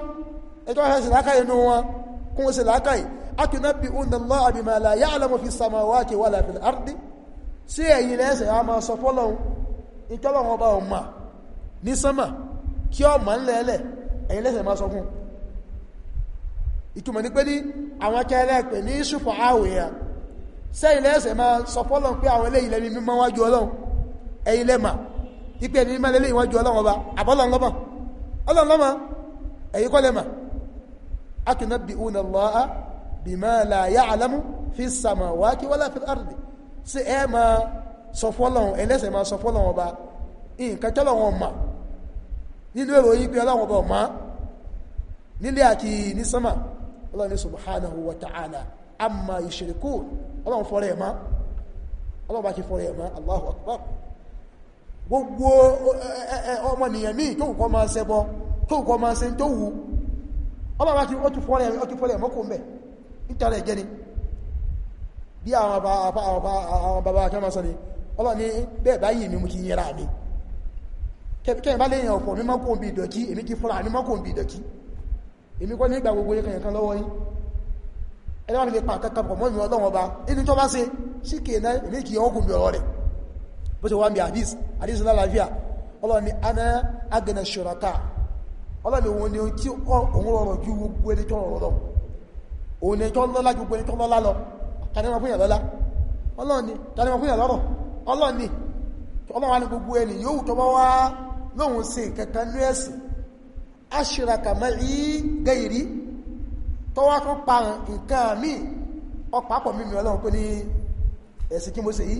ẹjọ́ ẹ̀sìn lákàyè nú wọn kún sí lákàyè akùnàbí ọ̀nàlọ́ àbìmọ̀lá yà àlọ́mọ̀ fi sàmàwákì wà láàfin àrdí sí ẹ̀yìn lẹ́sẹ̀ a máa sọ fọ́lọ́hun ìtọ́lọ́wọ́n ọba ọmọ ní sánmà kí ọmọ ńlẹ̀ẹ́lẹ̀ ẹ̀yìn lẹ́sẹ̀ máa sọ fún ìtumọ̀ ní pé ọlọ́run lọ́mọ ẹ̀yí kọ́ lẹ́mà atunabbi'una Allaha bima la ya'lamu fi samawati wala fil ardi sí ẹ ma sọ fọ́lọ́run ẹlẹ́sẹ̀ ma sọ fọ́lọ́run ọba nǹkan tọ́lọ́run ọmọ nílé ìròyìn pé ọlọ́run ọba ọmọ nílé àti ní sánmà ọlọ́run ní subhanahu wa ta'ala amma yushrikun ọlọ́run fọ́rẹ̀ ẹ̀mọ́ ọlọ́run bá ti fọ́rẹ̀ ẹ̀mọ́ Allahu akbar gbogbo eh, eh, eh, ọmọnìyàn míì tó kọ́ máa ṣẹbọ tó kọ́ máa ṣe tó wù ọmọ bá ti ọtún fọ́lẹ̀ ọtún fọ́lẹ̀ mọ́kò mẹ́ nítorí ẹ̀jẹ́ ni bí àwọn bàbá akẹ́mọ́ ọlọ́ ni bẹ́ẹ̀ báyìí mi mú kí yẹra mi kẹ́yìn lẹ́yìn ọ̀pọ̀ bó ti wá bí àdís àdís lálàáfíà ọlọ́run ni aná agẹnà ṣòràká ọlọ́run òun ni tí òun rọrọ̀ ju gbogbo ẹni tó rọrọ̀ lọ òun ni tó lọ́lá ju gbogbo ẹni tó lọ́lá lọ tanimọ̀ fún ni tanimọ̀ fún ìyàlọ́rọ̀ ni ọlọ́run wa ni gbogbo ẹni yóò tọ́ bá wá lóhun sí kankan ní ẹ̀sìn aṣíraka mẹ́rí gẹ̀yìrí tó wá kọ́ pa kí mo ṣe yìí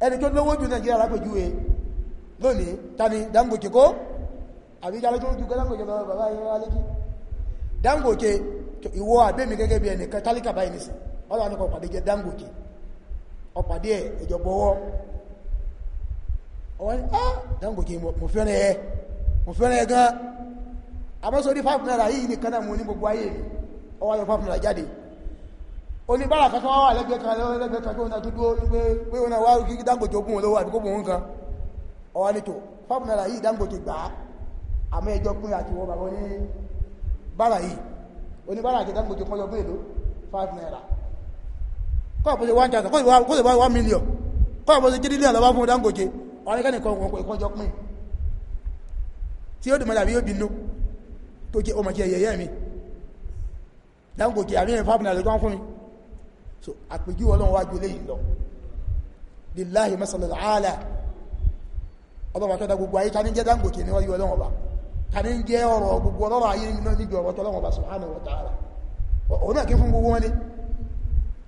ẹni tó lówó jù nàìjíríà lápèjúwe lónìí tani Dangote kó àbíjá lójú ojú Dangote bàbá bàbá yẹn aléjì Dangote ìwọ àbẹ́mi gẹ́gẹ́ bí ẹnìkan tálíkà báyìí nìsín wọ́n wà nípa ọ̀pàdé jẹ Dangote ọ̀pàdé ẹ̀ ìjọba ọwọ́ ah Dangote mo fẹ́ràn ẹ mo fẹ́ràn ẹ gan-an àmọ́sọ̀rí fáfù náírà yìí mo ní gbogbo ayé mi ọwọ́ ayọ̀ fáfù náírà oníbàrà kankan wà lẹ́gbẹ̀ẹ́ kan lẹ́gbẹ̀ẹ́ kan pé wọn tó dúró pé pé wọn wá kí Dangote ogun olówó àbí kó bò wọn kan ọwọ́ nítò fọ́ọ̀mù náírà yìí Dangote gbà á ẹjọ́ pín àti wọ́n bàbá ní bàrà yìí oníbàrà àti Dangote kọ́ lọ pé five naira kọ́ àpòsí one thousand kó lè bá one million kọ́ àpòsí jírí lílẹ̀ lọ́wọ́ fún Dangote ọ̀rẹ́kẹ́ni kan kọ̀ ìkọ́jọ́ pín tí ó dùn mọ́lá bí ó bínú tó jẹ́ ọmọ jẹ́ Dangote àríyàn five naira lọ́wọ́ fún mi so àpèjú ọlọ́run wájú yi lọ lillahi masalala ala ọlọ́run da gbogbo ayi ta ní jẹ́ Dangote ní wájú ọlọ́run ba ta gbogbo ọlọ́rọ̀ ayé nínú níbi ọ̀rọ̀ tọ́lọ́run ọba subhanahu wa ta'ala òun náà kí fún gbogbo wọn ni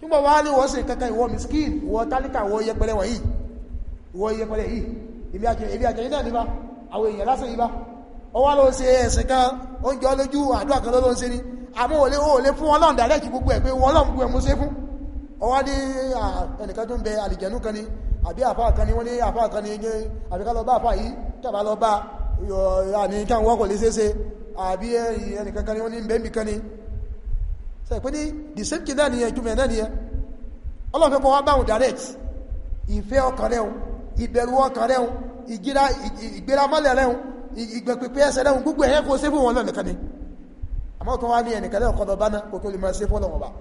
túnbọ̀ wá ní wọ́n sì kankan ìwọ miskin ìwọ tálíkà ọwá dé ẹnìkan tó ń bẹ àlìjẹ̀nú kan ni àbí àfá kan ni wọ́n ní àfá kan ni àbí ká lọ bá àfá yìí tàbá lọ bá àní káwọn wọ́kọ̀ lè ṣeéṣe àbí ẹnìkan kan ni wọ́n ní bẹ́ẹ̀mì kan ni sẹ́ pé ní the same kid náà nìyẹn jùmọ̀ náà nìyẹn ọlọ́run fẹ́ kọ́ wá báwọn direct ìfẹ́ ọkàn rẹ̀ ìbẹ̀rù ọkàn rẹ̀ ìgbéra mọ́lẹ̀ ní ẹnìkan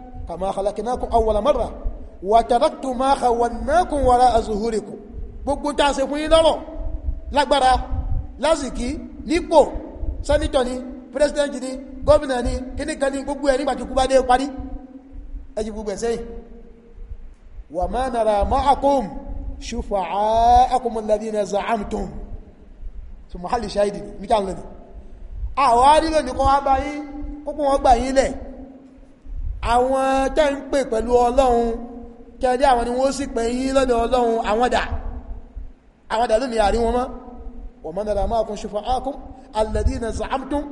kama khalaqnakum awwala marra wa taraktu ma khawwannakum wara zuhurikum gbogbo tá a ṣe fún yín lọ́rọ̀ lágbára lásìkí nípò sẹ́nitọ̀ ni pírẹsidẹ́ntì ni gómìnà ni kíníkan ni gbogbo ẹ̀ nígbàtí kú bá dé parí ẹjì gbogbo ẹ̀ sẹ́yìn wa ma nara ma'akum shufa'akum alladhina za'amtum so muhalli shahidi mi ta lọ ni àwọn arílò nìkan wá bá yín kókó wọn gbà yín lẹ̀ àwọn tẹ́ ń pè pẹ̀lú ọlọ́run kẹ́ẹ̀dẹ́ àwọn ni wọ́n sì pè yín lọ́dọ̀ ọlọ́run àwọn dà àwọn dà lónìí àrí wọn mọ́ wọ́n mọ́ dára máa kún ṣe fún ákún alẹ́dí na sàmtún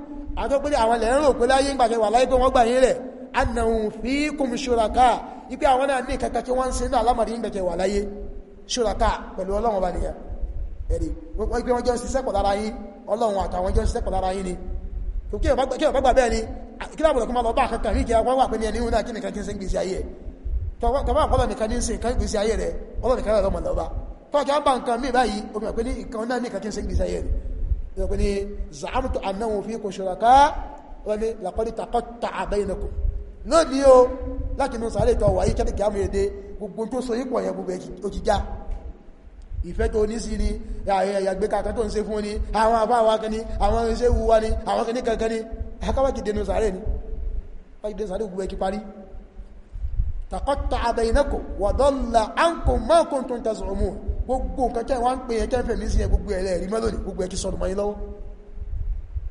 àtọ́pẹ́lẹ́ àwọn lẹ́rìn rò pé láyé gbàṣẹ wà láyé pé wọ́n gbà yín rẹ̀ anahun fi kí ọ̀pá gbà bẹ́ẹ̀ ni kí láàbùrọ̀ kí máa lọ bá àkọ́kọ́ rí kí a wá pé ní ẹni ìhúnà kí nìkan kí ń ṣe ń gbèsè ayé ẹ̀ tọ́wọ́ àkọ́lọ̀ nìkan ní ń ṣe nǹkan gbèsè ayé rẹ̀ ọlọ́ nìkan rẹ̀ lọ́mọ lọ́ba tọ́wọ́ kí a bá nǹkan míì báyìí omi ọ̀pẹ́ ní nǹkan náà nìkan kí ń ṣe ń gbèsè ayé rẹ̀ ìwọ̀ pé ní zàmùtò anáwọn fi kò ṣòro ká wọ́n ní làkọ́lì takọ́ ta àbẹ́yìnàkù lónìí o láti mú sàárè tọ́ wáyé kẹ́kẹ́ àmúyẹ̀dẹ́ gbogbo tó so yípo yẹn gbogbo òjìjá ìfẹ́ tó ní sí ni àyàgbéka kan tó ń ṣe fún ni àwọn àbáwá kan ní àwọn iṣẹ́ wuwa ni àwọn kan ní kankan ní akáwàkì dẹnu sàárẹ̀ ni wáyé dẹnu sàárẹ̀ gbogbo ẹkì parí takọ́ta àbẹ̀yìnẹ́kò wàdọ́là áńkò mọ́kùn tó ń tasọ̀ ọmọ gbogbo nǹkan kẹ́ wá ń pè ẹkẹ́ fẹ̀mí sí ẹ gbogbo ẹ̀rẹ́ rí mẹ́lòdì gbogbo ẹkì sọ̀rọ̀ mọ́yìn lọ́wọ́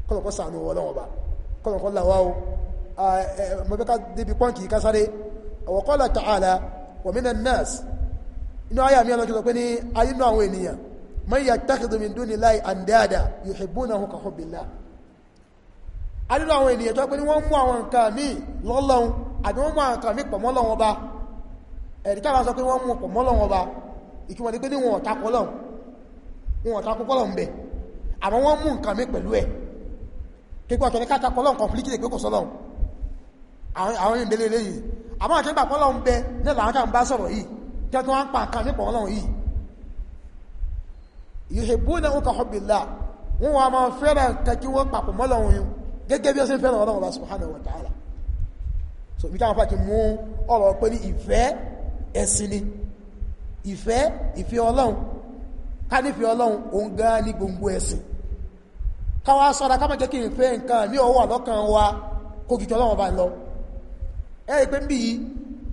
kọ́lọ̀kọ́ sàánú ọlọ́wọ́ bá kọ́lọ̀kọ́ làwá o mọ̀bẹ́ká débi pọ́ǹkì kásáré àwọ̀kọ́lá ta'ala wàmínà nas inú ayé àmì ọlọ́jọ́ pé ní ayé inú àwọn ènìyàn man yattakhidhu min duni llahi andada yuhibbunahum ka hubbillah adínú àwọn ènìyàn tó pé ní wọ́n mú àwọn nǹkan míì lọ́lọ́run àbí wọ́n mú àwọn nǹkan míì pọ̀mọ́ lọ́wọ́ bá ẹ̀rí táwọn sọ pé wọ́n mú pọ̀mọ́ lọ́wọ́ bá ìtumọ̀ ní pé ní wọn ò tako Ọlọ́run wọn ò tako Ọlọ́run bẹ̀ àmọ́ wọ́n mú nǹkan míì pẹ̀lú ẹ̀ kíkọ́ ọ̀tọ̀ ní ká tako Ọlọ́run kọ̀mplikìtì pé kò sọ Ọlọ́run àwọn ìdílé lẹ́yìn àmọ́ àti ìgbà Ọlọ́run bẹ náà làwọn tá à ń bá sọ̀rọ̀ yìí jẹ́ kí wọ́n pa kan nípa ọlọ́run yìí yuhibbuna ka hubbillah wọ́n wá máa fẹ́ràn kan kí wọ́n papọ̀ mọ́lọ́run yìí gẹ́gẹ́ bí ó ṣe fẹ́ràn ọlọ́run Allah subhanahu wa ta'ala so bí káwọn fàájì mú ọ̀rọ̀ pé ní ìfẹ́ ẹ̀sìn ni ìfẹ́ ìfẹ́ ọlọ́run ká nífẹ́ ọlọ́run òun gan ní gbogbo ẹ̀sìn káwà sọ́ra ká máa jẹ́ kí ìfẹ́ nǹkan ní ọwọ́ àlọ́kan wa kó kìtọ́ ọlọ́run bá lọ ẹ́ ìpé ń bí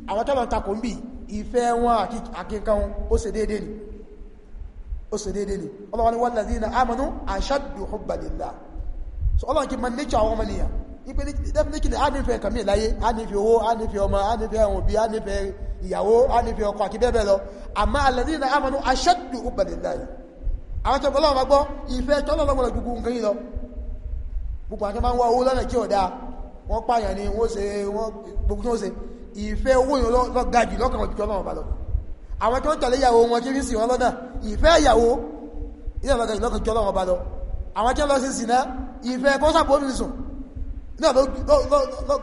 àwọn tọ́lọ̀ takò ń bí ìfẹ́ wọn àkíkan ó ṣe déédé ni ó ṣe déédé ni ọlọ́wọ́ ni walladhina amanu ashaddu hubban lillah so ọlọ́wọ́ kí ma nature àwọn ọmọnìyàn ipe definitely a nífẹ̀ẹ́ kàmí láyé a nífẹ̀ẹ́ owó a nífẹ̀ẹ́ ọmọ a nífẹ̀ẹ́ àwọn òbí a nífẹ̀ẹ́ ìyàwó a nífẹ̀ẹ́ ọkọ àti bẹ́ẹ̀ bẹ́ẹ̀ lọ àmọ́ alladhina amanu ashaddu hubban lillah àwọn tó bọ́lọ́wọ́ gbọ́ ìfẹ́ tọ́lọ́lọ́gbọ̀lọ́ gbogbo nǹkan yìí lọ gbogbo àti máa ń wá owó lọ́nà kí ọ̀dà wọ́n pààyàn ni wọ́n ṣe gbogbo tí wọ́n ṣe ìfẹ́ owó yẹn lọ ga jù lọ́kàn ọ̀jọ́ náà balọ̀ àwọn tó ń tẹ̀lé ìyàwó wọn tí ń sìn wọn lọ́dà ìfẹ́ ìyàwó ìyàwó ga jù lọ́kàn ọjọ́ náà balọ̀ àwọn tí ń lọ sí sìnà ìfẹ́ kọ́sàbọ̀mì sùn náà ló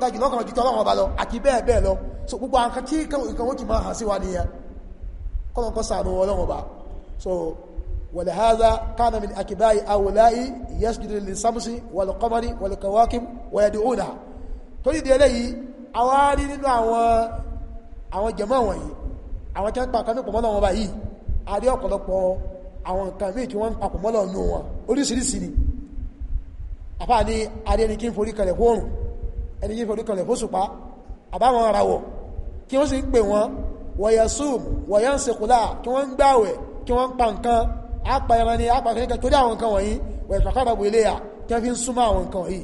ga jù lọ́kàn ọjọ́ náà balọ̀ àti bẹ́ẹ̀ bẹ́ẹ̀ lọ so gbogbo àwọn kan tí nǹkan ó ti máa hàn sí wa nìyẹn kọ́nà kọ́ sàánú ọlọ́run ọba so ولهذا من أكباء أولاء يسجد للشمس والقمر والكواكب ويدعونها تريد إليه àwọn arí nínú àwọn àwọn jẹmọ́ wọ̀nyí àwọn tí wọ́n pa kan ní pọ̀mọ́lọ̀ wọn báyìí a rí ọ̀pọ̀lọpọ̀ àwọn nǹkan míì tí wọ́n ń pa pọ̀mọ́lọ̀ nù wọn oríṣiríṣi ni àbá ní adé ni kí n forí kalẹ̀ fóòrùn ẹni kí n forí kalẹ̀ fóṣùpá àbáwọn ara wọ̀ kí wọ́n sì ń pè wọ́n wọ̀yẹ̀ sùm wọ̀yẹ̀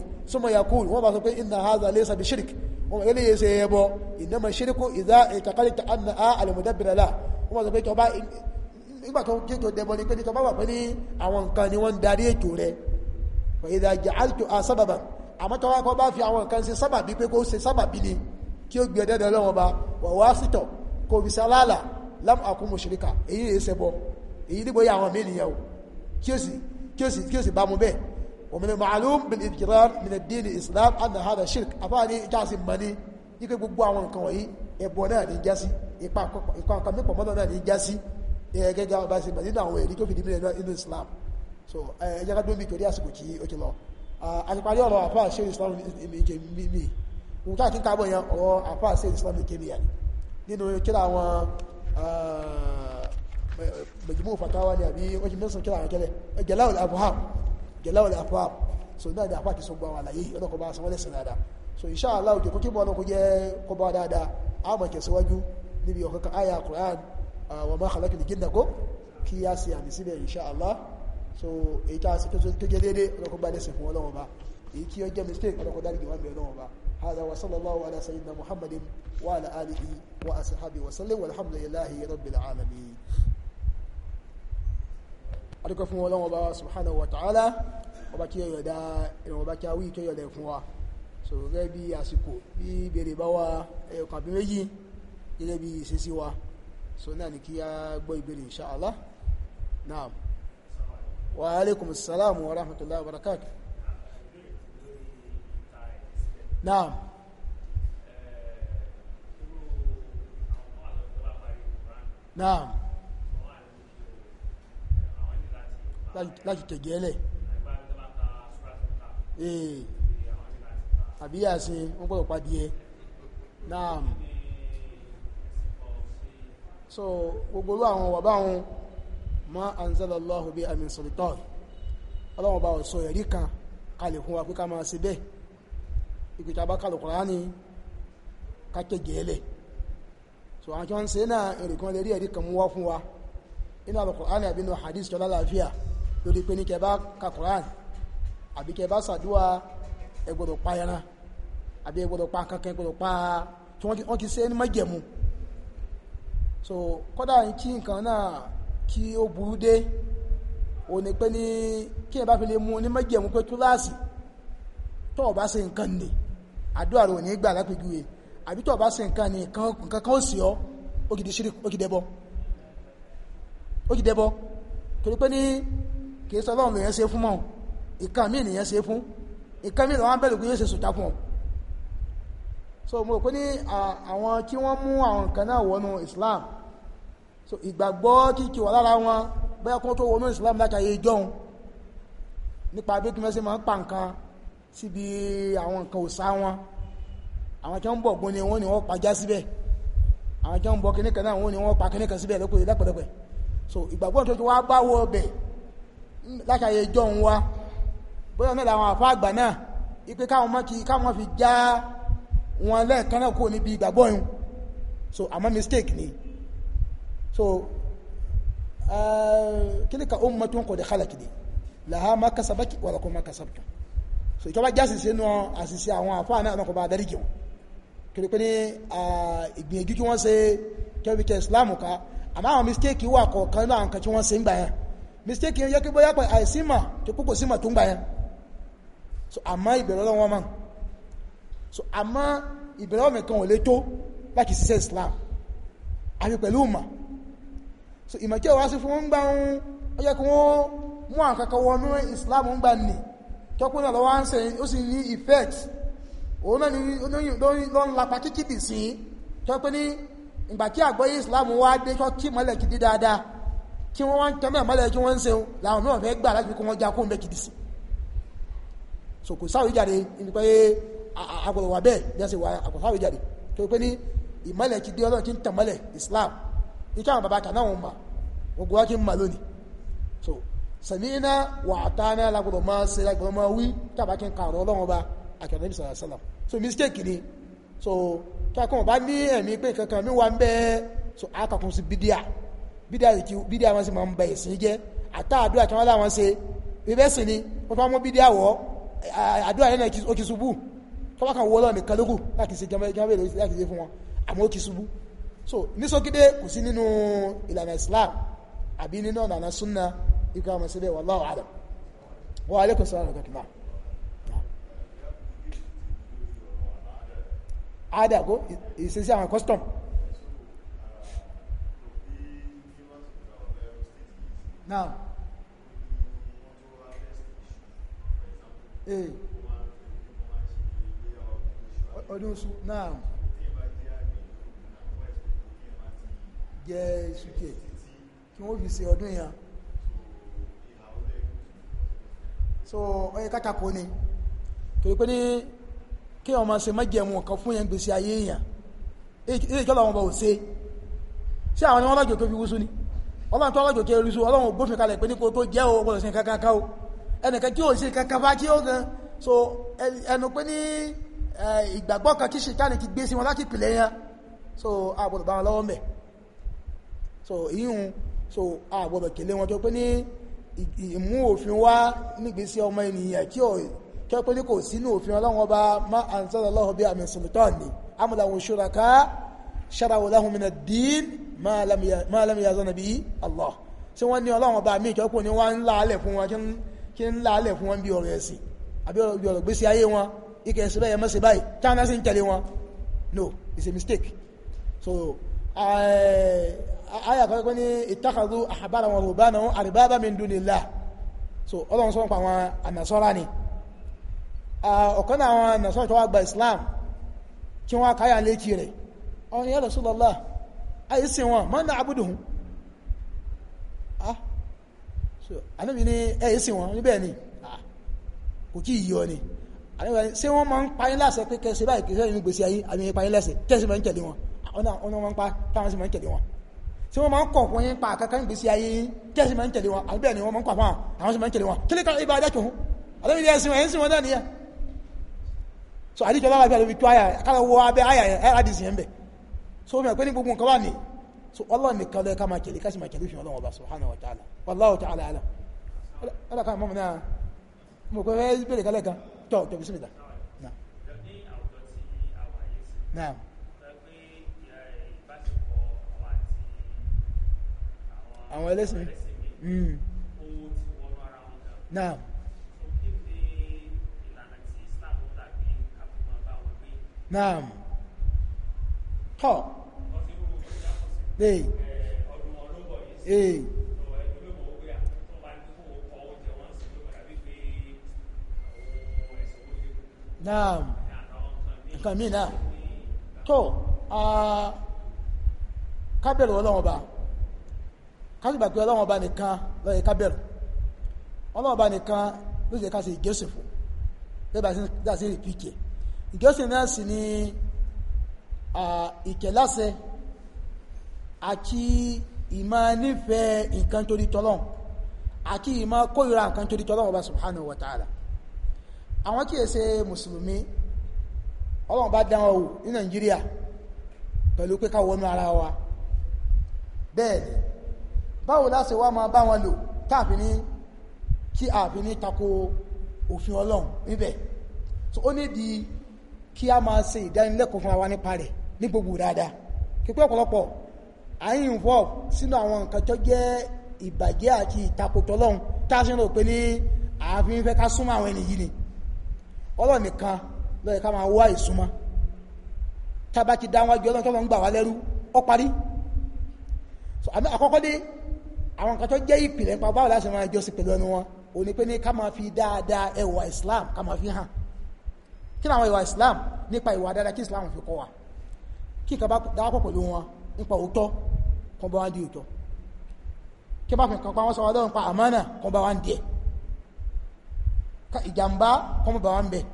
ń súnmọ́ yakul wọ́n bá sọ pé inna haza laysa bi shirk wọ́n bá lè ṣe ẹbọ innama shirku idha ìtàkàlìtà anna a al-mudabbir la wọ́n bá sọ pé tọba nígbà tó kí tó dẹbọ ni pé tọba wà pé ní àwọn nǹkan ni wọ́n ń darí ètò rẹ̀ wa idha ja'altu a sábàbà àmọ́ tọba kọ́ bá fi àwọn nǹkan ṣe sábàbí pé kó ṣe sábàbí ni kí ó gbé ọdẹ́dẹ́ ọlọ́wọ́n ba wà wá sítọ̀ kò fi sálálà lam akun mushrika èyí ẹsẹ̀ bọ èyí nígbóyà àwọn mí nìyẹn o kí ó sì bá mu bẹ́ẹ̀ ومن المعلوم بالإنكرار من الدين الإسلام أن هذا شرك أفاني جاسي ماني يكي gbogbo àwọn nǹkan wọ̀nyí ẹbọ náà ní jásí ipa nǹkan mẹ́pọ̀ mọ́tọ̀ náà ní jásí gẹ́gẹ́ ọba sí mẹ́rin àwọn èrí tó fi dìbìnrin náà inú Islam so ẹjẹ́ ká dómi torí àsìkò tí ó ti lọ àtìparí ọ̀rọ̀ àfà ṣe Islam ìjẹ mímí ohun tá àti káàbọ̀ yẹn ọ̀rọ̀ àfà ṣe Islam ìjẹ mímí yẹn nínú kíra àwọn mẹjìmú fatawa ni àbí ó ti mẹ́sàn kíra àwọn kẹlẹ̀ ẹjẹ̀ láwùl abuham jẹ̀láwọ̀ àpá so náà àpá kì í sọgbà wà láyé ọlọ́kọ̀ bá san wọ́n lẹ́sìn dáadáa so insha Allah òkè kó kíbọ̀ ọlọ́kọ̀ jẹ́ kó bá dáadáa a mọ̀ tẹ̀síwájú níbi ọ̀kankan aya Qur'an wa ma khalaqtul jinna kó kí a sì àmì síbẹ̀ insha Allah so èyí tá a sì tó jẹ́ déédé ọlọ́kọ̀ bá lẹ́sìn fún ọlọ́wọ́ bá èyí kí ó jẹ́ mistake ọlọ́kọ̀ dárí jẹ́ wà mí ọlọ́wọ́ bá هذا وصلى الله على سيدنا محمد وعلى آله وأصحابه وسلم والحمد لله رب العالمين adúgbò fún ọlọ́run ọba subhanahu wa ta'ala ọba kí ọyọ̀dá ìrìn ọba kí awí kí ọyọ̀dá fún wa so gẹ́gẹ́ bí àsìkò bí bèrè bá wa ẹ̀yọ̀kọ̀ àbí méjì gẹ́gẹ́ bí ìṣesí wa so náà ni kí a gbọ́ ìbéèrè insha Allah naam wa alaikum salam wa rahmatullahi wa barakatuh naam láti tẹ̀jẹ́ ẹlẹ̀ ee àbí àṣin wọ́n gbọ́dọ̀ padì ẹ náà so gbogbo àwọn wà báwọn ma anzalallahu bi amin sultan ọlọ́wọ́n bá ọ̀sọ̀ ẹ̀rí kan kalẹ̀ fún wa pé ká máa ṣe bẹ́ẹ̀ ìpìtà bá kalẹ̀ so àwọn tí wọ́n ń ṣe náà èrè kan lè rí ẹ̀rí kan mú wá fún wa inú al àbínú hadith tó lálàáfíà lórí pé ní kẹ bá ka Quran àbí kẹ bá ṣàdúrà ẹ gbọ́dọ̀ pa ẹran àbí ẹ gbọ́dọ̀ pa kankan ẹ gbọ́dọ̀ pa tí wọ́n ti ṣe ní májẹ̀mú so kódà kí nǹkan náà kí ó burú dé ò ní pé ní kí ẹ bá fi lè mú ní májẹ̀mú pé túláàsì tó o bá ṣe nǹkan nì àdúrà rò ní gbà lápẹjúwe àbí tó o bá ṣe nǹkan nì nǹkan kan ó sì ọ ó kìdí ṣírí ó kìdẹ́bọ ó kìdẹ́bọ torí pé ní kìí sọ báwọn lèyàn ṣe fún mọ́ ìkan mí nìyàn ṣe fún ìkan mí lọ́wọ́ bẹ̀rẹ̀ pé yóò ṣe fún ọ so mo rò pé ní àwọn kí wọ́n mú àwọn nǹkan náà wọnú Islam so ìgbàgbọ́ kíkì wà lára wọn bóyá kó tó wọnú Islam látàyè ìjọun nípa bí kí wọ́n ṣe máa ń pa nǹkan síbi àwọn nǹkan òsá wọn àwọn tí wọ́n ń bọ̀ gbóni wọn ni wọ́n pajá síbẹ̀ àwọn tí wọ́n ń bọ̀ kíníkan náà wọn ni wọ́n pa kíníkan síbẹ̀ lẹ́pẹ̀lẹ́pẹ̀ so ìgbàgbọ́ tó ti wá bá wọ lákàyè jọun wa bóyá náà làwọn àfa àgbà náà ipe káwọn mọ́ kí káwọn fi já wọn lẹ́ẹ̀kan náà kúrò níbi ìgbàgbọ́ yìí so àmọ́ mistake ni so eh, kíni ka ummatun qad khalat ni laha ma kasabaki wa lakum ma kasabtum so ìjọba já àṣìṣe nu àṣìṣe àwọn àfa náà náà kò bá darí jẹun kiri pé ní ìgbìyànjú kí wọ́n ṣe kẹ́bíkẹ́ islam ká àmọ́ àwọn mistake wà kọ̀ọ̀kan náà nǹkan tí wọ́n ṣe ń gbà yẹn mistake yẹn yẹ kí bóyá pé àìsí mà tó kókò sí mà tó ń gbà yẹn so àmọ́ ìbẹ̀rẹ̀ ọlọ́run wọn mà so àmọ́ ìbẹ̀rẹ̀ ọmọ kan ò lè tó láti ṣiṣẹ́ Islam àti pẹ̀lú mà so ìmọ̀ tí wàá sí fún wọn gbà ń ó yẹ kí wọ́n mú àwọn kankan wọnú Islam ń gbà nì tọ́pọ̀ náà lọ́wọ́ à ń sẹ́yìn ó sì ní effect òun náà ni ló ń lapa kíkìdì sí tọ́pẹ́ ní ìgbà tí àgbọ́yé Islam wá dé tọ́ kí mọ́lẹ̀ kìdí dáadáa tí wọ́n wá ń tẹ́ mẹ́mọ́lẹ̀ tí wọ́n ń seun làwọn mìíràn fẹ́ gbà láti fi kó wọ́n já kó mẹ́kìdì sí so kò sáwé jáde níbi pé àgbọ̀dọ̀ wà bẹ́ẹ̀ bí wọ́n ṣe wà àgbọ̀ sáwé jáde tó pé ní ìmọ́lẹ̀ ti dé ọlọ́run ti ń tẹ̀mọ́lẹ̀ Islam ikẹ́ àwọn bàbá kanáà wọn mà ogun wá kí ń mà lónìí so sami'na wa ata'na lágbọ̀dọ̀ máa ṣe lágbọ̀dọ̀ máa wí tàbá kí ń ka ọ̀rọ̀ ọlọ́run ọba àkẹ́rẹ́ níbi sàlá so mistake ni so kí akọ̀ wọn bá ní ẹ̀mí pé kankan mi wà ń bẹ́ẹ̀ so akọ̀kùn sí bídíà bídíà sì kí bídíà wọn sì máa ń bẹ ìsìn jẹ́ àtàdúrà tí wọ́n láwọn ṣe bíbẹ́ sì ni wọ́n fẹ́ mú bídíà wọ́ àdúrà yẹn náà ó ti ṣubú tọ́wọ́ kan wọ́ọ́lọ́ nìkan lókù láti ṣe jẹ́mọ́ èrò láti ṣe fún wọn àmọ́ ó ti ṣubú so ní sókídé kò sí nínú ìlànà Islam àbí nínú ọ̀nà súnà ikú àwọn síbẹ̀ wallahu a'lam wa alaikum salaam ọ̀gá kìnnà. àdàgó ìṣesí àwọn custom now ee ọdún oṣù now jẹ iṣu jẹ kí wọ́n fi ṣe ọdún yẹn so ọyẹ kákàkó ni torí pé ní kí ọmọ ṣe májẹ̀mú ọ̀kan fún yẹn gbèsè ayé èèyàn èyí kí ọlọ́wọ́n bá ò ṣe ṣé àwọn ni wọ́n lájò tó fi wúsú ọlọ́run tó rọ̀jò kẹrù sí ọlọ́run gbófin kalẹ̀ pé ní kò tó jẹ́ ọgbọ̀n sí kankanká o ẹnìkan tí ó sí kankan bá tí ó gan so ẹnu pé ní ìgbàgbọ́ kan kí ṣìtánì ti gbé sí wọn láti pìlẹ̀ yẹn so àgbọ̀dọ̀ bá wọn lọ́wọ́ mẹ́ so ìyún so àgbọ̀dọ̀ kèlé wọn tó pé ní ìmú òfin wá nígbésí ọmọ ènìyàn tí ó kẹ́ pé ní kò sínú òfin ọlọ́run ọba má anzala Allahu bihi min sultan ni am lahum shuraka shara'u lahum min ad-din ma lam yazana bihi Allah ṣé wọ́n ní ọlọ́run ọba mi ìjọ́pọ̀ ni wọ́n ń láàlẹ̀ fún wọn kí ń láàlẹ̀ fún wọn bí ọ̀rọ̀ ẹ̀sìn àbí ọ̀rọ̀ gbésí ayé wọn ike ẹ̀sìn bẹ́ẹ̀ mọ́sẹ̀ báyìí china sì ń tẹ̀lé wọn no it's a mistake so eh, aya kan kọ́ ní ittakhadhu ahbarahum wa ruhbanahum arbaban min dunillah so ọlọ́run sọ́n pa àwọn ànàsọ́ra ni ọ̀kan náà àwọn ànàsọ́ra tó Islam kí wọ́n káyà létí rẹ̀ ọ̀rìn ya ayé sin wọn mọ́ náà abúdùn ah so anábi ní ẹ̀yẹ sin wọn níbẹ̀ ni ah kò kí yíyọ ni anábi ní ṣé wọ́n máa ń payín láṣẹ pé kẹsẹ̀ báyìí kẹsẹ̀ inú gbèsè ayé àmì payín láṣẹ kẹsì máa ń tẹ̀lé wọn ah, ọ̀nà ọ̀nà wọn pa táwọn sì máa ń tẹ̀lé wọn ṣé wọ́n máa ń kọ̀ fún yín pa kankan gbèsè ayé kẹsì máa ń tẹ̀lé wọn àbí bẹ́ẹ̀ ni wọ́n máa ń kọ̀ fún àwọn sì máa ń tẹ̀lé wọn kílíkà ibà adájọ́ fún anábi ní ẹ̀sìn wọn ẹ̀sìn wọn náà nìyẹn so àdíjọ́ lára bí i àdíjọ́ ayà kálọ̀ wọ abẹ́ ayà yẹn so mi pé ní gbogbo nǹkan wà ní so Allah nìkan ló yẹ ká máa tẹ̀lé ká sì máa tẹ̀lé òfin Ọlọ́run ọba subhanahu wa ta'ala wallahu ta'ala alam ọlọ́ Naam tọ́ ee ee naam nǹkan mí náà tó kábẹ̀rù ọlọ́wọ́n ba kásìgbà pé ọlọ́wọ́n ba nìkan lọ́yẹ kábẹ̀rù ọlọ́wọ́n ba nìkan ló jẹ́ ká ṣe ìjọsìn fún bẹ́ẹ̀ bá sí ìpìkẹ̀ ìjọsìn náà sì ni ìkẹ̀láṣẹ àti ìmá nífẹ̀ẹ́ nǹkan torí tọ́lọ́n àti ìmá kórìíra nǹkan torí tọ́lọ́n ọba subhanahu wa ta'ala àwọn tí èsẹ mùsùlùmí ọlọ́run bá dán ọwọ́ ní Nàìjíríà pẹ̀lú pé ká wọnú ara wa bẹ́ẹ̀ báwo láṣẹ wá máa bá wọn lò kí àfi ní tako òfin ọlọ́run níbẹ̀ so ó ní di kí a máa ṣe ìdánilẹ́kọ̀ọ́ fún wa nípa rẹ̀ ní gbogbo dáadáa pípẹ́ ọ̀pọ̀lọpọ̀ à involve sínú àwọn nǹkan tó jẹ́ ìbàjẹ́ àti ìtakòtò ọlọ́run tá a ní ààfin fẹ́ ká súnmọ́ àwọn ẹni yìí ni ọlọ́run nìkan ló yẹ ká máa wá ìsúnmọ́ tá a bá ti dá wọn jọ ọlọ́run tó lọ ń gbà wá lẹ́rú ó parí àkọ́kọ́ dé àwọn nǹkan tó jẹ́ ìpìlẹ̀ nípa báwo láti máa jọ́sìn pẹ̀lú ẹnu wọn ò ní pé ní ká máa fi dáadáa ẹwà Islam ká máa fi hàn kí ni àwọn ìwà Islam nípa ìwà dáadáa kí Islam fi kọ́ wa kí kan bá dáwọ́pọ̀ pẹ̀lú wọn nípa òótọ́ kan bá wá di òótọ́ kí bá fìkan pa wọ́n sọ ọlọ́run pa àmánà kan bá wá ń díẹ̀ ìjàmbá kan bá wá ń bẹ̀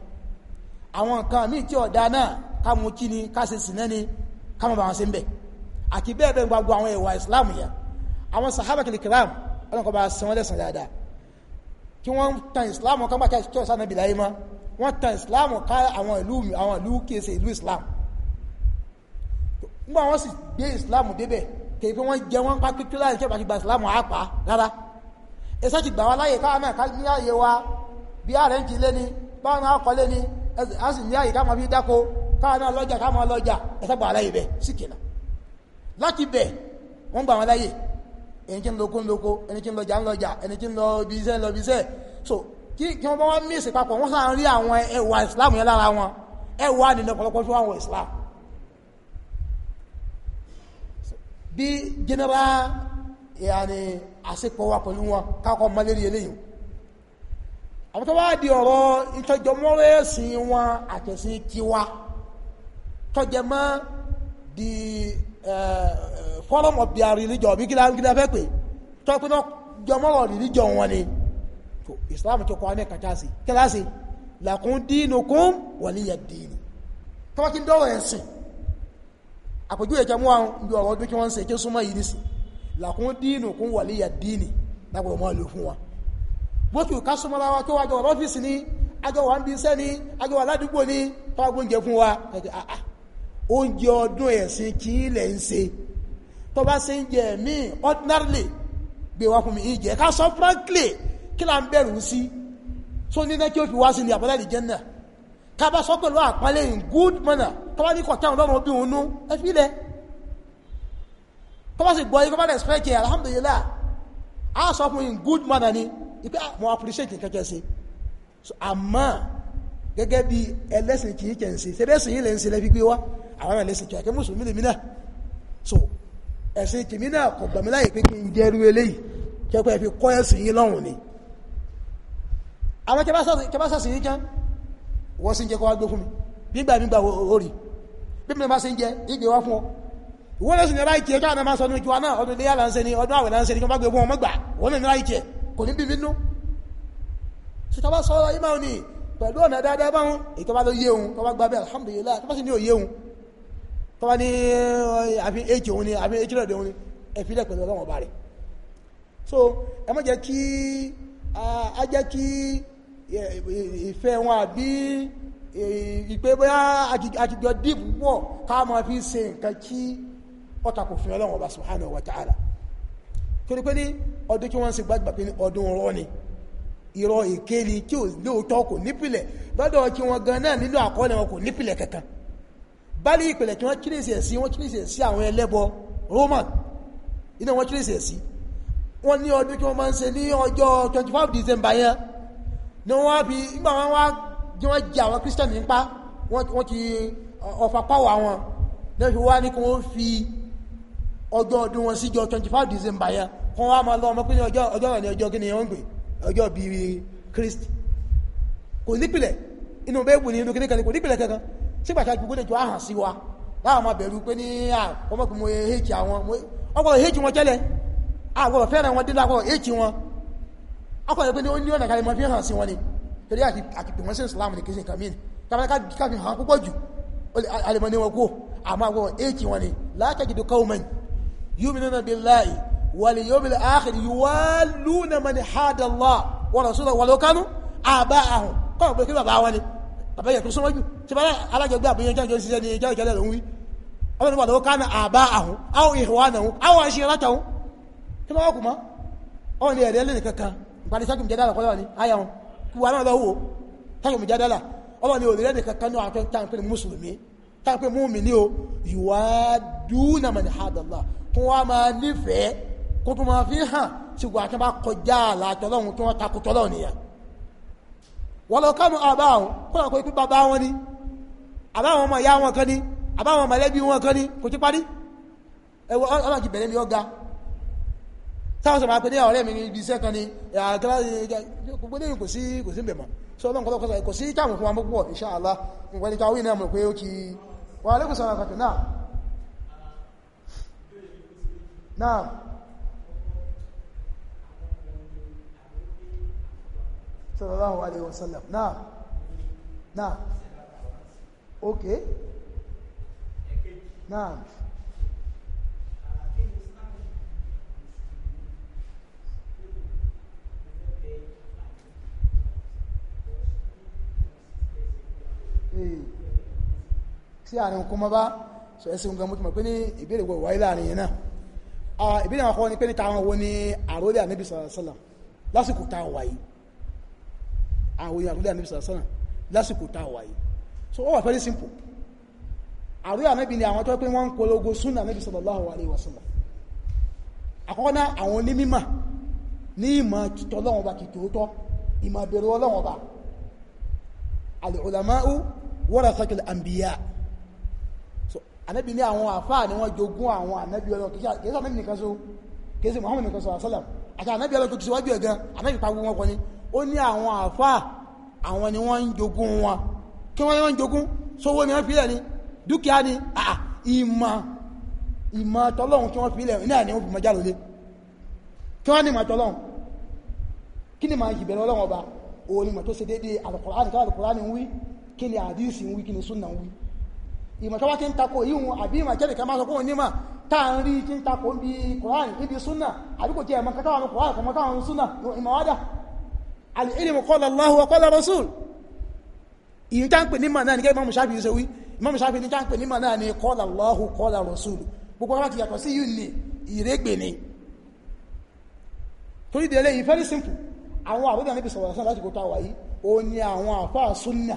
àwọn nǹkan míì tí ọ̀dá náà ká mú kí ni ká ṣe sìnẹ́ ni ká mọ̀ bá wọn ṣe ń bẹ̀ àti bẹ́ẹ̀ bẹ́ẹ̀ gbogbo àwọn ìwà ìsìláàmù yẹn àwọn sàhábà kìlì kìlám ọlọ́run kan bá san wọ́n lẹ́sàn dáadáa kí wọ́n tan ìsìláàmù kan bá kí wọ́n tan ìsìláàmù ká àwọn ìlú àwọn ìlú kìí ṣe ìlú ìsìláàmù nígbà wọ́n sì gbé islam débẹ̀ kèé pé wọ́n jẹ wọ́n pa pípí láì ṣẹ́bà ti gba islam àpá rárá ẹsẹ́ ti gbà wá láyè káwọn náà ká ní àyè wa bí ààrẹ ń ti lé ni báwọn náà kọ́ lé ni a sì ní àyè káwọn fi dáko káwọn náà lọ́jà káwọn lọ́jà ẹsẹ́ gbà wá láyè bẹ̀ sí kìlà láti bẹ̀ wọ́n gbà wọ́n láyè ẹni tí ń loko ń loko ẹni tí ń lọjà ń lọjà ẹni tí ń lọ ibi iṣẹ́ lọ ibi iṣẹ́ so kí kí wọ́n bá wá mí ìsìpapọ̀ wọ́n sáà ń rí àwọn ẹwà ìsìlámù yẹn lára wọn ẹwà nínú ọ̀pọ̀lọpọ̀ tó àwọn ìsìlámù bí general yàní àsìkò wa pẹ̀lú wọn kákọ́ malérí eléyìn àwọn tó bá di ọ̀rọ̀ ìtọ́jọmọ́rẹ́ ẹ̀sìn wọn àtẹ̀sìn tiwa tọ́jẹmọ́ di forum of their religion bí kí láńkí láfẹ́ pé tọ́pẹ́ náà jọmọ́rọ̀ religion wọn ni islam tó kọ́ ní kàtàsì kíláàsì làkún dínukum waliya dini tọ́wọ́ kí ń dọ́rọ̀ ẹ̀sìn àpèjú ẹ̀kẹ́ mú àwọn ibi ọ̀rọ̀ ọdún kí wọ́n ń ṣe kí súnmọ́ yìí nìsí làkún dínù kún wà líyà dínì lágbọ̀rọ̀ mọ́ lò fún wa bókì ká súnmọ́ ra wa kí wọ́n àjọwà lọ́fíìsì ní àjọwà ń bí iṣẹ́ ní àjọwà ládùúgbò ní fáwọn oúnjẹ fún wa oúnjẹ ọdún ẹ̀sìn kí ilẹ̀ ń ṣe tó bá ṣe ń jẹ mí ordinarily gbé wa fún mi ìjẹ ká sọ frankly kí là ń bẹ̀rù sí so ní náà kí ó fi wá sí ní àbọ̀dá ìjẹ́ náà tàbá sọ pẹ̀lú àpálẹ̀ in good manner tọ́wá ní kọ̀tá ọlọ́run bí òun nú ẹfí lẹ tọ́wá sì gbọ́ ikọ́ bá respect yẹ alhamdulillah a sọ fún in good manner ni ipé ah, mo appreciate kẹ́kẹ́ sí àmọ́ gẹ́gẹ́ bí ẹlẹ́sìn kì í kẹ́ǹsì tẹ́lẹ́sìn yìí lè ń ṣe lẹ́fi gbé wá àwọn ẹlẹ́sìn kí akẹ́ mùsùlùmí lèmi náà so ẹ̀sìn tèmi náà kò gbàmí láyè pé kí n jẹ́ irú eléyìí kẹ́kọ́ ẹ̀ fi kọ́ ẹ̀sìn yìí lọ́hùn ni àwọn kẹbásàsìn yìí kan wọ́n sì ń jẹ́ kọ́ wá gbé fún mi gbígbà mi gbà orí bí mi bá sì ń jẹ ìgbé wá fún ọ ìwọ́n lẹ́sùn nira ìtì ẹjọ́ àmẹ́má sọ ní ìjọ náà ọdún iléyà là ń ṣe ni ọdún àwẹ̀ là ń ṣe ni kí wọ́n bá gbé fún ọmọ gbà wọ́n lè nira ìtì ẹ̀ kò ní bí mi nú sọtọ́ bá sọ ìmọ̀ òní pẹ̀lú ọ̀nà dáadáa bá wọn èyí tó bá lọ yé òun tó bá gba bẹ́ẹ̀ alhamdulillah tó bá sì ní òye òun tó bá ní eh, àfi èjì òun ni àfi èjì rẹ̀ òun ni ẹ̀fílẹ̀ pẹ̀lú ọlọ́wọ̀n ọba rẹ̀ so ẹ má jẹ́ kí ah, a jẹ́ kí ìfẹ́ wọn àbí ìpé bóyá àjùjọ dìbò pọ̀ ká máa fi ṣe nǹkan kí ọ̀tà kò fi ọlọ́run ọba subhanahu wa ta'ala torí pé ní ọdún tí wọ́n ń ṣe gbàgbà pé ní ọdún rọ́ ni irọ́ ìkéli tí ò lóòótọ́ kò nípìlẹ̀ lọ́dọ̀ tí wọ́n gan náà nínú àkọọ́lẹ̀ wọn kò nípìlẹ̀ kankan báyìí ìpìlẹ̀ tí wọ́n kílèsì ẹ̀ sí wọ́n kílèsì ẹ̀ sí àwọn ẹlẹ́bọ Roman iná wọ́n kílèsì ẹ̀ sí wọ́n ní ọdún tí wọ́n máa ń ṣe ní ọjọ́ 25 December yẹn ní wọ́n fi nígbà wọn wá ní wọ́n jẹ àwọn christian nípa wọ́n ti ọ̀fà pàwọ̀ àwọn náà fi wá ní kí wọ́n fi ọjọ́ ọdún wọn síjọ 25 december yẹn kan wá máa lọ ọmọ pé ní ọjọ́ rẹ̀ ní ọjọ́ gíní wọ́n ń pè ọjọ́ bí christ kò nípìlẹ̀ inú bẹ́ẹ̀bù ní inú kíní kan kò nípìlẹ̀ kankan sígbàtà gbogbo ìjọ àhàn sí wa láwọn máa bẹ̀rù pé ní ọmọkùnrin mo èéjì àwọn ọgbọ̀rọ̀ èéjì wọn tẹ́lẹ̀ àgbọ̀rọ̀ fẹ́ràn wọn dídá àgbọ̀rọ̀ èéjì wọn akọ̀ ẹgbẹ́ ni ó ní ọ̀nà kalẹ̀ mọ́ fi hàn sí wọn ni torí àkìpì wọn sí islam ní kìí kàmí ní káfíkà fi hàn púpọ̀ jù alẹ́mọ́ ní wọn kó àmọ́ àwọn èkì wọn ni látàkì tó kọ́wọ́mẹ́n yu'minuna billahi wal yawmil akhir yuwalluna man hada Allah wa rasulahu walau kanu aba'ahum kọ́ pé kí bàbá wọn ni bàbá yẹ tó súnmọ́ jù tí bàbá alájọgbé àbúyẹn jẹ́ ìjọ ní ìjọ ìjọlẹ̀ lòun wí ọmọ ìwà lọ́wọ́ kánà aba'ahum aw ikhwanahum aw ashiratuhum kí wọ́n kù mọ́ ọ̀nà ẹ̀rẹ́ lẹ́nìkankan ìparí sọ́tù ìjẹ́dàlà kọ́lọ́ ni ayà wọn kí wà náà lọ́wọ́ sọ́tù ìjẹ́dàlà ọlọ́ ni òrìrẹ́ nìkan kan náà tàǹpẹ́ mùsùlùmí tàǹpẹ́ múmi ní o ìwà dúnà mọ̀ ní hadàlá kí wọ́n máa nífẹ̀ẹ́ kó tó máa fi hàn sí gbà tó bá kọjá àlàtọ́lọ́hun tó wọ́n takò tọ́lọ́ nìyẹn wọ́n lọ kánú àbá wọn kó náà kó ikú bàbá wọn ni àbá wọn ọmọ ìyá wọn kan ni àbá wọn mọ̀lẹ́bí wọn kan ni kò ti parí ẹ̀wọ̀n ọlọ́jì bẹ̀rẹ̀ mi ọ̀gá táwọn sọ̀rọ̀ àpẹẹrẹ ọ̀rẹ́ mi ibi iṣẹ́ kan ni gbogbo lẹ́yìn kò sí kò sí mbẹ̀mọ̀ sọ ọlọ́run kọ́lọ́ kọ́sọ̀ kò sí táwọn fún wa púpọ̀ insha Allah nǹkan ní táwọn ìnáà mọ̀ pé ó kí wà lẹ́kùn sọ̀rọ̀ àkàtù náà náà sallallahu alaihi wasallam náà náà ok náà sí eh, àárín okun mọ́ bá sọ ẹ́ ohun gan mú mọ̀ pé ní ìbéèrè wọ̀ wáyé láàrin yẹn náà ìbéèrè àwọn akọ́ni pé ní táwọn wo ni àròlé ànábì sàlásàlà lásìkò táwọn wáyé àròlé àròlé ànábì lásìkò táwọn wáyé so ó wà very simple àròlé ànábì ni àwọn tó pé wọ́n ń polongo súnà ànábì sallallahu alaihi wasallam àkọ́kọ́ náà àwọn onímímà warathatul anbiya so anabi ní àwọn àfáà ni wọ́n jogún àwọn anabi ọlọ́ kìí sọ anabi nìkan so kìí sọ muhammad nìkan so àṣálàm àti anabi ọlọ́ tó ti síwájú ẹ̀gán anabi pa gbogbo wọn kọ ni ó ní àwọn àfáà àwọn ni wọ́n ń jogún wọn kí wọ́n ní wọ́n ń jogún sówó ni wọ́n fi lẹ̀ ni dúkìá ni ìmọ̀ ìmọ̀ tọ́lọ́hun tí wọ́n fi lẹ̀ náà ni wọ́n fi mọ jálòlé kí wọ́n ní ìmọ̀ tọ́lọ́hun kí ni màá ìbẹ̀rẹ̀ ọlọ́run ọba òun ni mọ̀ tó ṣe déédéé àlùkùránì káàlùkùránì kí ni àdísì ń wí kí ni súnà ń wí ìmọ̀ tó wá ti ń takò yíhun àbí ìmọ̀ ìjẹ́lẹ̀ kan máa sọ fún onímọ̀ tá à ń rí tí ń takò ń bi Quran níbi súnà àbí jẹ́ ẹ̀mọ́ kátà wọn Quran kọ̀mọ́ táwọn súnà ìmọ̀ wádà al-ilmu qala Allahu wa qala Rasul ìyí tá ń pè nímọ̀ náà ní kẹ́kẹ́ Imam Shafi'i ṣe wí Imam Shafi'i ní tá ń pè nímọ̀ náà ní qala Allahu qala Rasul gbogbo wa ti yàtọ̀ sí yìí ní ìrégbè ni torí délé yìí very simple àwọn àbúrò Ànábì sallallahu alaihi wasallam láti kó tá a wà yìí ó ní àwọn àfáà súnà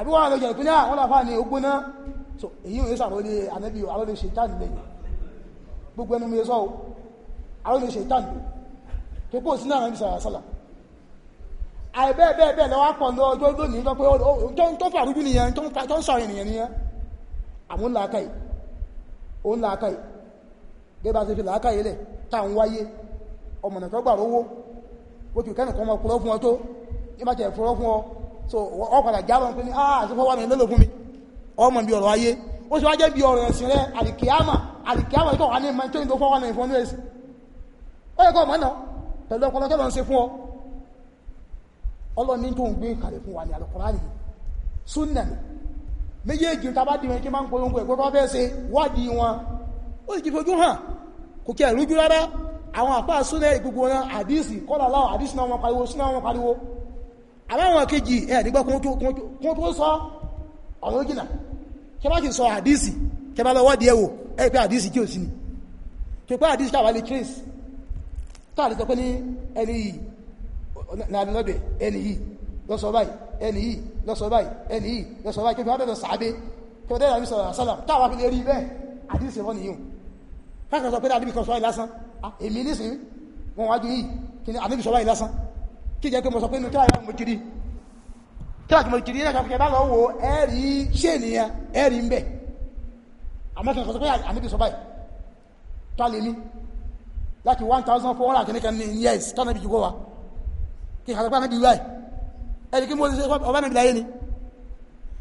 àbí wọ́n àlọ́jà ìpínlẹ̀ àwọn làfà ní ogbóná so èyí òye sàrò ní ànábì àlọ́lẹ̀ ṣètàn lẹ́yìn gbogbo ẹnu mi sọ o àlọ́lẹ̀ ṣètàn lò tó kó sínú àwọn ìbísà àṣàlà àìbẹ́ẹ̀ bẹ́ẹ̀ bẹ́ẹ̀ lọ́wọ́ pọ̀ lọ ọjọ́ lónìí tó pé tó fà rújú nìyẹn tó ń sọ̀rọ̀ ènìyàn nìyẹn àmú làákàyè ó ń làákàyè gẹ́gẹ́ bá ti fi làákàyè lẹ̀ táwọn wáyé ọmọ nàìjọ́ gbà lówó bó ti kẹ́nìkan ọmọ ọkùnrin fún ọ tó ní bá ti ẹ̀fọ́rọ́ fún ọ so wọ́n padà jábọ̀ pé ní ah àti fọwọ́ mi lọ́lọ́ fún mi ọmọ bí ọ̀rọ̀ ayé ó sì wá jẹ́ bí ọ̀rọ̀ ẹ̀sìn rẹ àlìkíyàmà àlìkíyàmà tó ní ìmọ̀ tó fọwọ́ ẹ̀sìn ó yẹ kọ́ ọmọ náà pẹ̀lú ọpọlọ tó lọ ń ọ ọlọ́ni tó ń gbé kalẹ̀ fún wa ní alukọ́rá nìyí súnà ni méjèèjì ta bá dìwọ̀n kí máa ń polongo ẹ̀kọ́ tó fẹ́ ṣe wádìí wọn ó sì ti fojú hàn kò kí ẹ̀rújú rárá àwọn àbáwọn kejì ẹ̀ nígbà kún tó sọ ọ̀rọ̀ jìnà kí bá ti sọ àdísì kí bá lọ́wọ́ díẹ̀wò ẹ̀ pé àdísì tí ò sí ni tó pé àdísì tàbí lè trace tàbí sọ pé ní ẹni yìí lọ́dẹ̀ ẹni yìí lọ́sọ báyìí ẹni yìí lọ́sọ báyìí ẹni yìí lọ́sọ báyìí kí wọ́n dẹ̀dọ̀ sàábé kí wọ́n dẹ̀dọ̀ sọ̀rọ̀ àṣálà táwọn fi lè rí bẹ́ẹ̀ àdísì wọn nìyí káàkiri sọ pé àdíbì kan sọ báyìí lásán ah, èmi nísìnyí wọn wájú yìí kí ni àdíbì sọ báyìí lásán kí jẹ́ pé mo sọ pé nínú tíra mo kiri tíra tí mo kiri náà kàkẹ́ bá lọ wo ẹ̀rí ṣé nìyẹn ẹ̀rí ń bẹ̀ àmọ́ kí n sọ pé àníbi sọ báyìí tó a lè ní láti one thousand four hundred and twenty nine years tọ́nà ibi jù kó wa kí n kàtàkùn àníbi wíwáyì ẹ̀rí kí mo ṣe ọba nàbìlà yé ni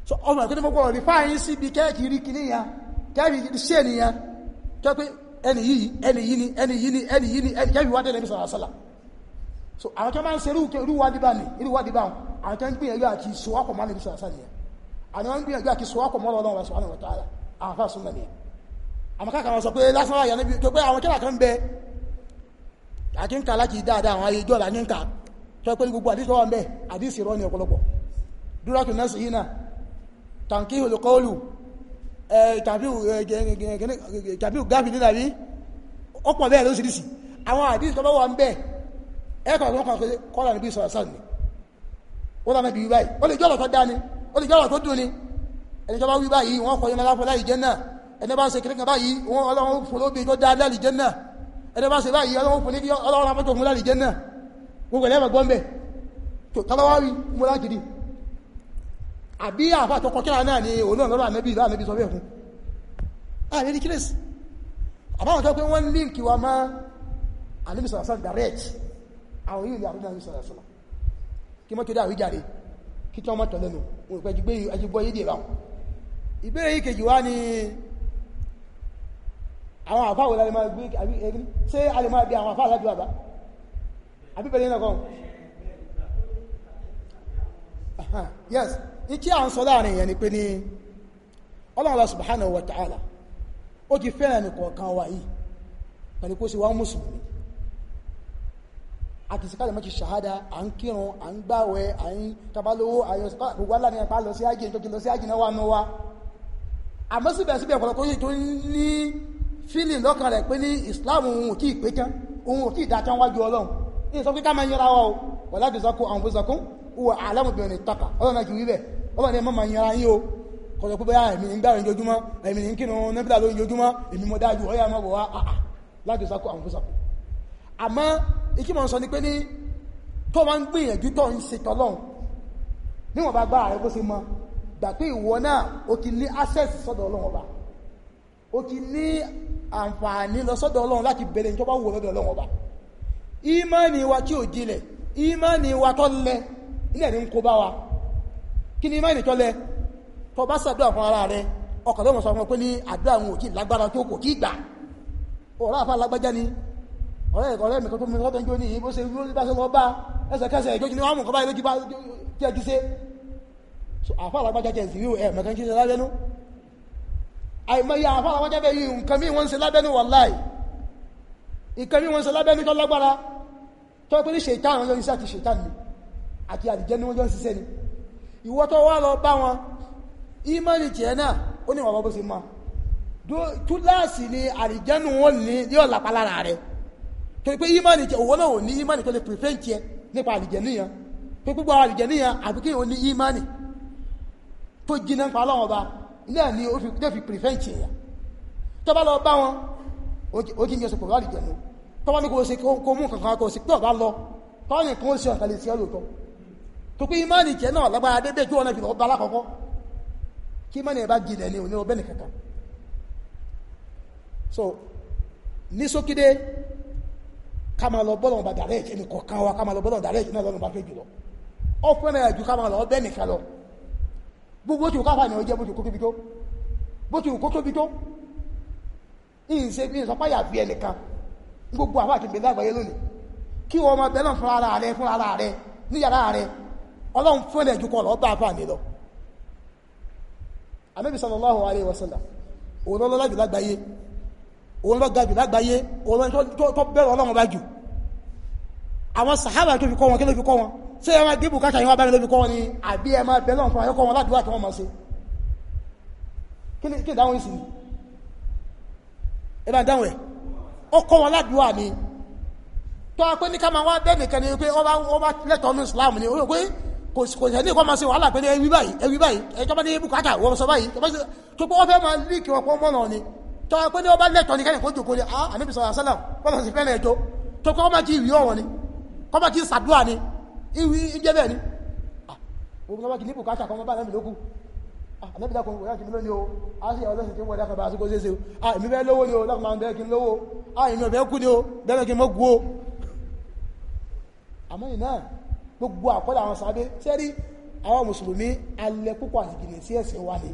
so ọmọ ìpínlẹ̀ mọ́kọ̀ ọ̀rí fáyín sí ibi kẹ́ẹ̀kì rí kìíní yẹn kẹ́ẹ̀kì ṣé nìyẹn kẹ́ẹ̀kì ẹni yìí ẹni yìí ni ẹni yìí ni ẹni yìí ni kẹ́ẹ̀kì wá dé lẹ́mí sọ̀rọ̀ àṣàlà so àwọn tó máa ń serú irúwádìbá ni irúwádìbá àwọn tó ń gbìyànjú àti sọ́wọ́pọ̀ mọ́ níbi sọ́sá nìyẹn àwọn ń gbìyànjú àti sọ́wọ́pọ̀ mọ́ lọ́wọ́ sọ́wọ́ àwọn tààrà àwọn fà súnmọ́ nìyẹn àmọ́ káàkiri àwọn sọ pé lásán àyà níbi tó pé àwọn kíláà kan bẹ àti ń ka láti dáadáa àwọn ayé ìjọba ní ń ka tó pé gbogbo àdìsí wọn bẹ àdìsí rọ ní ọ̀pọ̀lọpọ̀ dúrátù náà sì yín náà tàǹkì olùkọ́ọ̀lù tàbí gáfì nílàbí ọ̀pọ̀ bẹ́ẹ̀ lóṣìṣì àwọn àdìsí tó bá wà ń bẹ́ẹ̀ ẹ̀kọ́ àwọn kan pé kọ́lá níbi sọ̀rọ̀ sàn ni ó lànà bí wíwáyì ó lè jọ́ ọ̀rọ̀ tó dá ni ó lè jọ́ ọ̀rọ̀ tó dùn ni ẹni tó bá wí báyìí wọ́n kọ́ yẹn láfọ́ láì jẹ́ náà ẹni bá ń ṣe kíríkan báyìí wọ́n ọlọ́run fún lóbi tó dá láì jẹ́ náà ẹni bá ń ṣe báyìí ọlọ́run fún lóbi ọlọ́run afọ́tò fún láì jẹ́ náà gbogbo ẹ̀lẹ́ ẹ̀mọ̀ gbọ́n bẹ̀ tó tọ́lọ́wá wí mú lágidi àbí àfa àtọkọ kíra náà ni òun náà lọ́rọ̀ ànẹ́bí ìlú ànẹ́bí sọ bẹ́ẹ̀ fún ààrẹ ní kílẹ̀sì àbáwọn tó pé wọ́n líǹkì wa máa ànẹ́bí sọ̀rọ̀ sọ̀rọ̀ direct àwọn yìí yàrá náà sọ̀rọ̀ sọ̀rọ̀ kí mọ́ torí àwíjàre kí tán mọ́tọ̀ lẹ́nu òrùpẹ́ ju gbé ẹjúgbọ́ yédè ra Ibe yìí kejì wá ní àwọn àfáwò lálẹ́ máa gbé àbí ẹgbẹ́ ṣé yes ni wataala, ó ti fẹ́ràn nìkọ̀ọ̀kan wa yìí pẹ̀lú kó sì wá àti ìsìnkáyọ̀ mọ́ ti ṣàhádà à ń kírun à ń gbàwẹ̀ à ń tabalówó àyọ̀ gbogbo aláàrí ẹ̀pá lọ sí ájì nítorí lọ sí ájì náà wà nù wa àmọ́ síbẹ̀síbẹ̀ ọ̀pọ̀lọpọ̀ yìí tó ní feeling lọ́kàn rẹ̀ pé ní Islam òun ò tí ì pé tán òun ò tí ì dá tán wájú Ọlọ́run ní sọ pé ká máa wa o wọ̀lá dùsọ́kù àwọn fúsọkún wọ alámùbìnrin taka Ọlọ́run náà ti wí bẹ̀ Ọlọ́run ni ẹ má máa yẹra yín o kọ̀dọ̀ pé bóyá èmi ń gbàrin jojúmọ́ èmi àmọ́ ikímọ̀ sọ ní pé ní tó wá ń gbìyànjú tó ń ṣe tọ́lọ́run níwọ̀n bá gbá rẹ̀ bó ṣe mọ gbà pé ìwọ náà ó ti ní access sọ́dọ̀ ọlọ́run ọba ó ti ní àǹfààní lọ sọ́dọ̀ ọlọ́run láti bẹ̀rẹ̀ ìjọba wò lọ́dọ̀ ọlọ́run ọba ìmánì wa tí ò jinlẹ̀ ìmánì wa tó lẹ ilẹ̀ ní ń kó bá wa kí ni ìmánì tó lẹ tó bá ṣàdúrà fún ara rẹ ọkọ̀ lọ́mọ̀ sọ fún ọ pé ní àdúrà àwọn òkì lágbára tó kò kí gbà ọ̀rọ̀ àfa lágbájá ni ọ̀rẹ́ ọ̀rẹ́ mi kan tó mi lọ́tọ̀ ń jó ní yìí bó ṣe rú bá ṣe wọ́n bá ẹsẹ̀kẹsẹ̀ ìjójú ni wọ́n mú kọ́bá ìlójú bá jẹ́ ti ṣe so àfa àlágbájá jẹ́ ìsìnwó ẹ̀ mẹ́kan kí ṣe lábẹ́nu àìmọye àfa àlágbájá bẹ́ yìí nǹkan mí wọ́n ń ṣe lábẹ́nu wàláì nǹkan mí wọ́n ń ṣe lábẹ́nu tó lágbára tó pé ní ṣètàn wọn yọrí sí àti ṣètàn ni àti àdìjẹ́ ni wọ́n jọ ń ṣiṣẹ́ ni ìwọ tó wá lọ bá wọn ìmọ̀lì tiẹ̀ náà ó ní wàá bó ṣe máa túláàsì ni àdìjẹ́nu wọn ní yóò lápá lára rẹ̀ torí pé ìmánì jẹ òwò náà ò ní ìmánì tó lè prevent yẹ nípa àlìjẹ níyàn pé gbogbo àwọn àlìjẹ níyàn àbí kí o ní ìmánì tó jiná pa ọlọ́wọ́n ba náà ni ó fi prevent yẹ tó bá lọ bá wọn ó kí n yẹsùn pẹ̀lú àlìjẹ nù tó bá ní kò ṣe kó mú kankan kò sí tó bá lọ tó ní kó ṣe ọ̀kan lè ṣe lóòótọ́ tó pé ìmánì jẹ náà lágbára dédé tí wọn náà fi lọ bá lákọ̀ọ́kọ́ kí ìmánì bá jìnà ni òní ọbẹ̀ nìkankan so ní sókídé ká máa lọ bọ́lọ̀ bá dàrẹ́ ẹ̀jẹ̀ nìkan kan wa ká máa lọ bọ́lọ̀ dàrẹ́ ẹ̀jẹ̀ náà lọ́nà bá fẹ́ jùlọ ọkùnrin náà ju ká máa lọ ọbẹ̀ nìkan lọ gbogbo tí òkú àfààní ọjẹ́ bójú kó tóbi tó bójú kó tóbi tó ìṣe bí ìsọpá yàgbé ẹnìkan gbogbo àwọn àti ìgbésẹ̀ àgbáyé lónìí kí wọn máa bẹ̀rẹ̀ fún ara rẹ fún ara rẹ ní yàrá rẹ ọlọ́run fún ẹ̀jú kan lọ bá àfààní lọ àmẹ́bí sallallahu alaihi wasallam òun lọ́lọ́lá jù lágbàáyé òun lọ ga jù lágbàáyé òun tó bẹ̀rọ ọlọ́run bá jù àwọn sàhábà tó fi kọ́ wọn kí ló fi kọ́ wọn ṣé ẹ máa gbé bùkátà yín wá báyìí ló fi kọ́ wọn ni àbí ẹ máa bẹ̀rọ nǹkan ayọ́kọ́ wọn ládùúgbà tí wọ́n máa ṣe kí ìdáhùn yìí sì ni ẹ bá dáhùn ẹ̀ ó kọ́ wọn ládùúgbà ni tó a pé ní ká máa wá bẹ́ẹ̀ nìkan ni pé ó bá lẹ́tọ̀ọ́ ní Islam ni ó rò pé kò sì kò sì ẹni kọ́ máa ṣe wàhálà pé ẹ wí báyìí ẹ wí báyìí ẹ tọ́ pé ní ọba lẹ́tọ̀ ní kẹ́lẹ̀ kó jòkó lé ah àníbi sọ̀rọ̀ àṣẹ́lẹ̀ kọ́lọ̀ sí fẹ́lẹ̀ ètò tó kọ́ máa kí ìwé ọ̀wọ̀ ni kọ́ máa kí sàdúà ni ìwé ìjẹ́ bẹ́ẹ̀ ni òun kọ́ máa kí ní bùkátà kọ́ máa bá ànábì lókù ah, ànábì dákun wọ́n kí lónìí a ah, sì yà ọlọ́sìn tí wọ́n dákun bá a sì kó ṣe ṣe o a ah, èmi bẹ́ẹ̀ lówó o a èmi ọ̀bẹ́ kú ni o bẹ́ẹ̀ kí n mọ́ gu o àmọ́ ìná gbogbo àkọ́lẹ̀ àwọn sábẹ́ sẹ́rí àwọn mùsùlùmí alẹ́ púpọ̀ àti gìrì sí ẹ̀sìn wa ni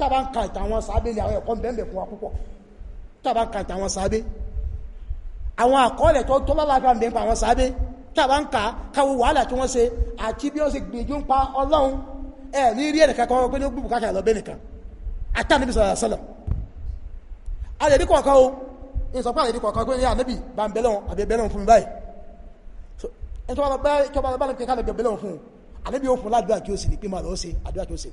tàbá ń ka ìtàwọn sàábé lè àwọn ẹ̀kọ́ bẹ́ẹ̀ fún wa púpọ̀ tàbá ń ka ìtàwọn sàábé àwọn àkọọ́lẹ̀ tó tó lálàáfíà ń bẹ́ẹ̀ pa àwọn sàábé tàbá ń ka káwọ wàhálà tí wọ́n ṣe àti bí wọ́n ṣe gbìyànjú ń pa ọlọ́run ẹ̀ ní rí ẹnìkan kan pé ní gbùgbù káàkiri lọ bẹ́ẹ̀ nìkan àtàníbi sọ̀rọ̀ sọ̀lọ̀ alẹ́bí kọ̀ọ̀kan o ìsọ̀pá alẹ́bí kọ̀ọ̀kan pé ní ànábì bá ń bẹ́lẹ̀ wọn àbí bẹ́lẹ̀ wọn fún mi báyìí ẹni tó bá lọ bá lọ bá lọ kí ká lọ bẹ́lẹ̀ wọn fún un ànábì ó fún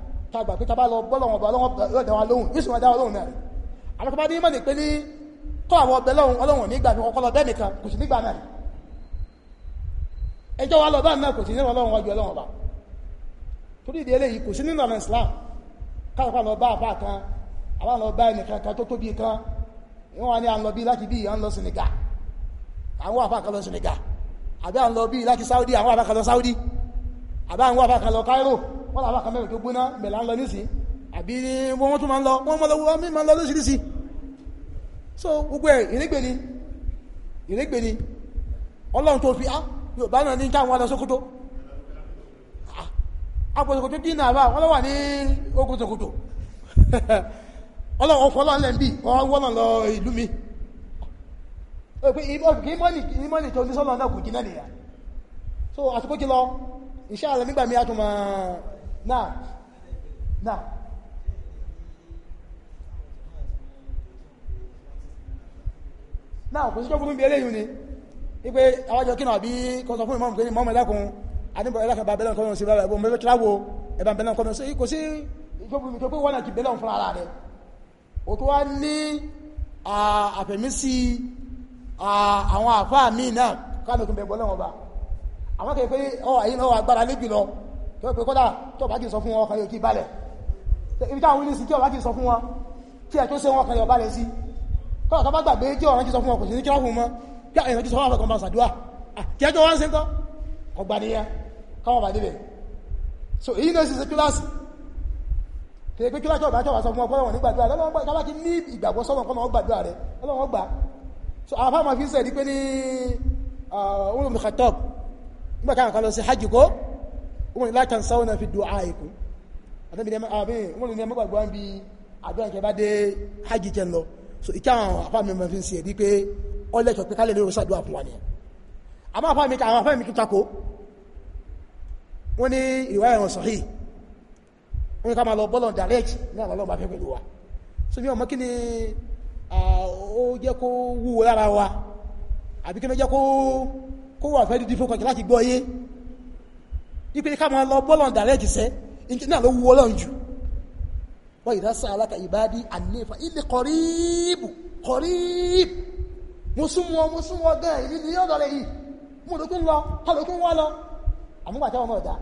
tàgbà pé tàbá lọ bọ́lọ̀wọ̀n bá lọ́wọ́ dáwà lóhùn yóò sì wọ́n dáwà lóhùn náà àwọn tàbá ní mọ̀ ní pé ní tó àwọn ọbẹ̀ lọ́hùn ọlọ́hùn nígbà ní ọkọ́ lọ bẹ́ẹ̀ nìkan kò sì nígbà náà ẹjọ́ wa lọ bá náà kò sì nínú ọlọ́hùn ọjọ́ ọlọ́hùn ọba torí ìdí eléyìí kò sí nínú ọ̀nà Islam káàkó lọ bá àbá kan àwọn lọ bá ẹnìkan kan tó tóbi kan ìwọ̀n wa ni à ń lọ bí láti bí à ń lọ Senegal àwọn àbá kan lọ Senegal àbí à ń lọ bí láti Saudi àwọn àbá kan lọ Saudi àbá àwọn àbá kan lọ Cairo wọ́n làwọn kan tó gbóná mẹ́lá ń lọ nísìn àbí wọ́n tún máa ń lọ wọ́n máa lọ́wọ́ mí máa ń lọ lóṣìṣìṣì so gbogbo ẹ̀ ìrégbè ni ìrégbè ni ọlọ́run tó fi á ah, yorùbá náà ní káwọn adá sókótó apòsòkòtò ah, dín náà bá wọ́n lọ́wọ́ ní ogun sòkòtò ọlọ́run ọkọ̀ ọlọ́run lẹ́nu bí wọ́n wọ́n lọ ìlú mi pé kí mọ́nì tó ní sọ́lọ́ náà kò jiná nìyà so àsìkò ti lọ iṣẹ́ àlẹ́ nígbà mi á tún máa náà náà. náà kò sí tó burú bí eléyìí ni wípé àwájọ kí náà bí kò sọ fún ìmọ̀ nǹkan mọ́ ẹlẹ́kùn adébọ̀ ẹlẹ́kùn bá bẹ́lẹ̀ kọ́mọ̀ sí bẹ́lẹ̀ ẹ̀bùn bẹ́lẹ̀ tíráwò ẹ̀bà bẹ́lẹ̀ kọ́mọ̀ sí kò sí tó burú tó pé wọ́n náà kì bẹ́lẹ̀ fún ara rẹ̀ ó tó wá ní àfẹ̀mísí àwọn àfáà míì náà kánàkùn bẹ̀ bọ́lẹ̀ wọn bá àwọn kẹ́kẹ́ pé ọ àyín náà agbára lé jùlọ tó pé kódà tó bá kí sọ fún ọkàn yóò kí balẹ̀ ibi táwọn wílì sí kí ọ̀rá kí sọ fún wọn kí ẹ̀ tó ṣe wọn ọkàn yóò balẹ̀ sí kódà tó bá gbàgbé kí ọ̀rá kí sọ fún wọn kí wọ́n fún kí ẹ̀yàn kí sọ wọn ọkàn bá bá débẹ̀ so àwọn afáàmà fi ń sẹ̀ pé ní ọmọ ah, mi Khattab kan lọ sí hajj wọ́n ni látàn sáwọn fi dùn àìkú ah, wọ́n ni ẹmọ́ gbàgbọ́ bí àdúrà ìkẹ́ bá dé hajj jẹ́ lọ so ìkẹ́ àwọn afá mi mọ̀ fi ń sí ẹ̀dí pé ọlẹ́tọ̀ pé kálẹ̀ lórí sàdúrà fún wa ni àmọ́ afá mi àwọn afá mi kí tako ni ìwà ẹ̀wọ̀n sọ̀hí wọ́n ká máa lọ bọ́lọ̀ direct ní àwọn ọlọ́mọ so ni ó jẹ́ kó wúwo lára wa àbí kí ni ó jẹ́ kó wà fẹ́ ipe ká máa lọ bọ́lọ̀ dàrẹ́jì sẹ́ ìkí náà ló wu ọlọ́run jù wọ́n ìdá sá aláka ìbádí ànífà ilé kọ̀ríìbù kọ̀ríìbù mo súnmọ́ mo súnmọ́ gan ìlú ni yóò lọlẹ̀ yìí mo lókun lọ kọlókun wá lọ àmúgbà táwọn náà dá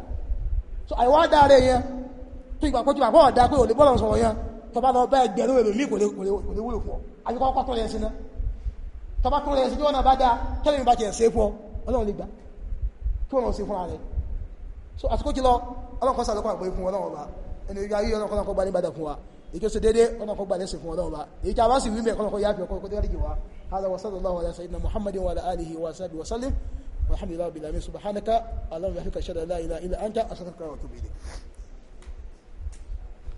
so àìwá dá rẹ yẹn tó ìgbà pọ́jú àpọ́ ọ̀dá pé òlé bọ́lọ̀ sọ̀rọ̀ yẹn tó bá lọ bá ẹgbẹ̀rún èrò mí kò lè wúlò fún ọ àyíkọ́ ọkọ̀ tó yẹn sí náà tó bá tó yẹn sí ní ọ̀nà bá dá tẹ́lẹ̀ mi bá tiẹ̀ ṣe fún ọ ọlọ́run lè gbà kí wọ́n lọ ṣe fúnra rẹ̀ so àsìkò jùlọ ọlọ́kọ̀ sàlọ́kọ̀ àgbẹ̀ fún ọlọ́run ọba ẹni ojú ayé ọlọ́kọ̀ ọlọ́kọ̀ gba ní ìbàdàn fún wa èyí tó ṣe déédé ọlọ́kọ̀ gba lẹ́sìn fún ọlọ́run ọba èyí tí a bá sì wí mẹ́ ọlọ́kọ̀ yáfi ọkọ̀ kótó yára jì wá hada wa sallallahu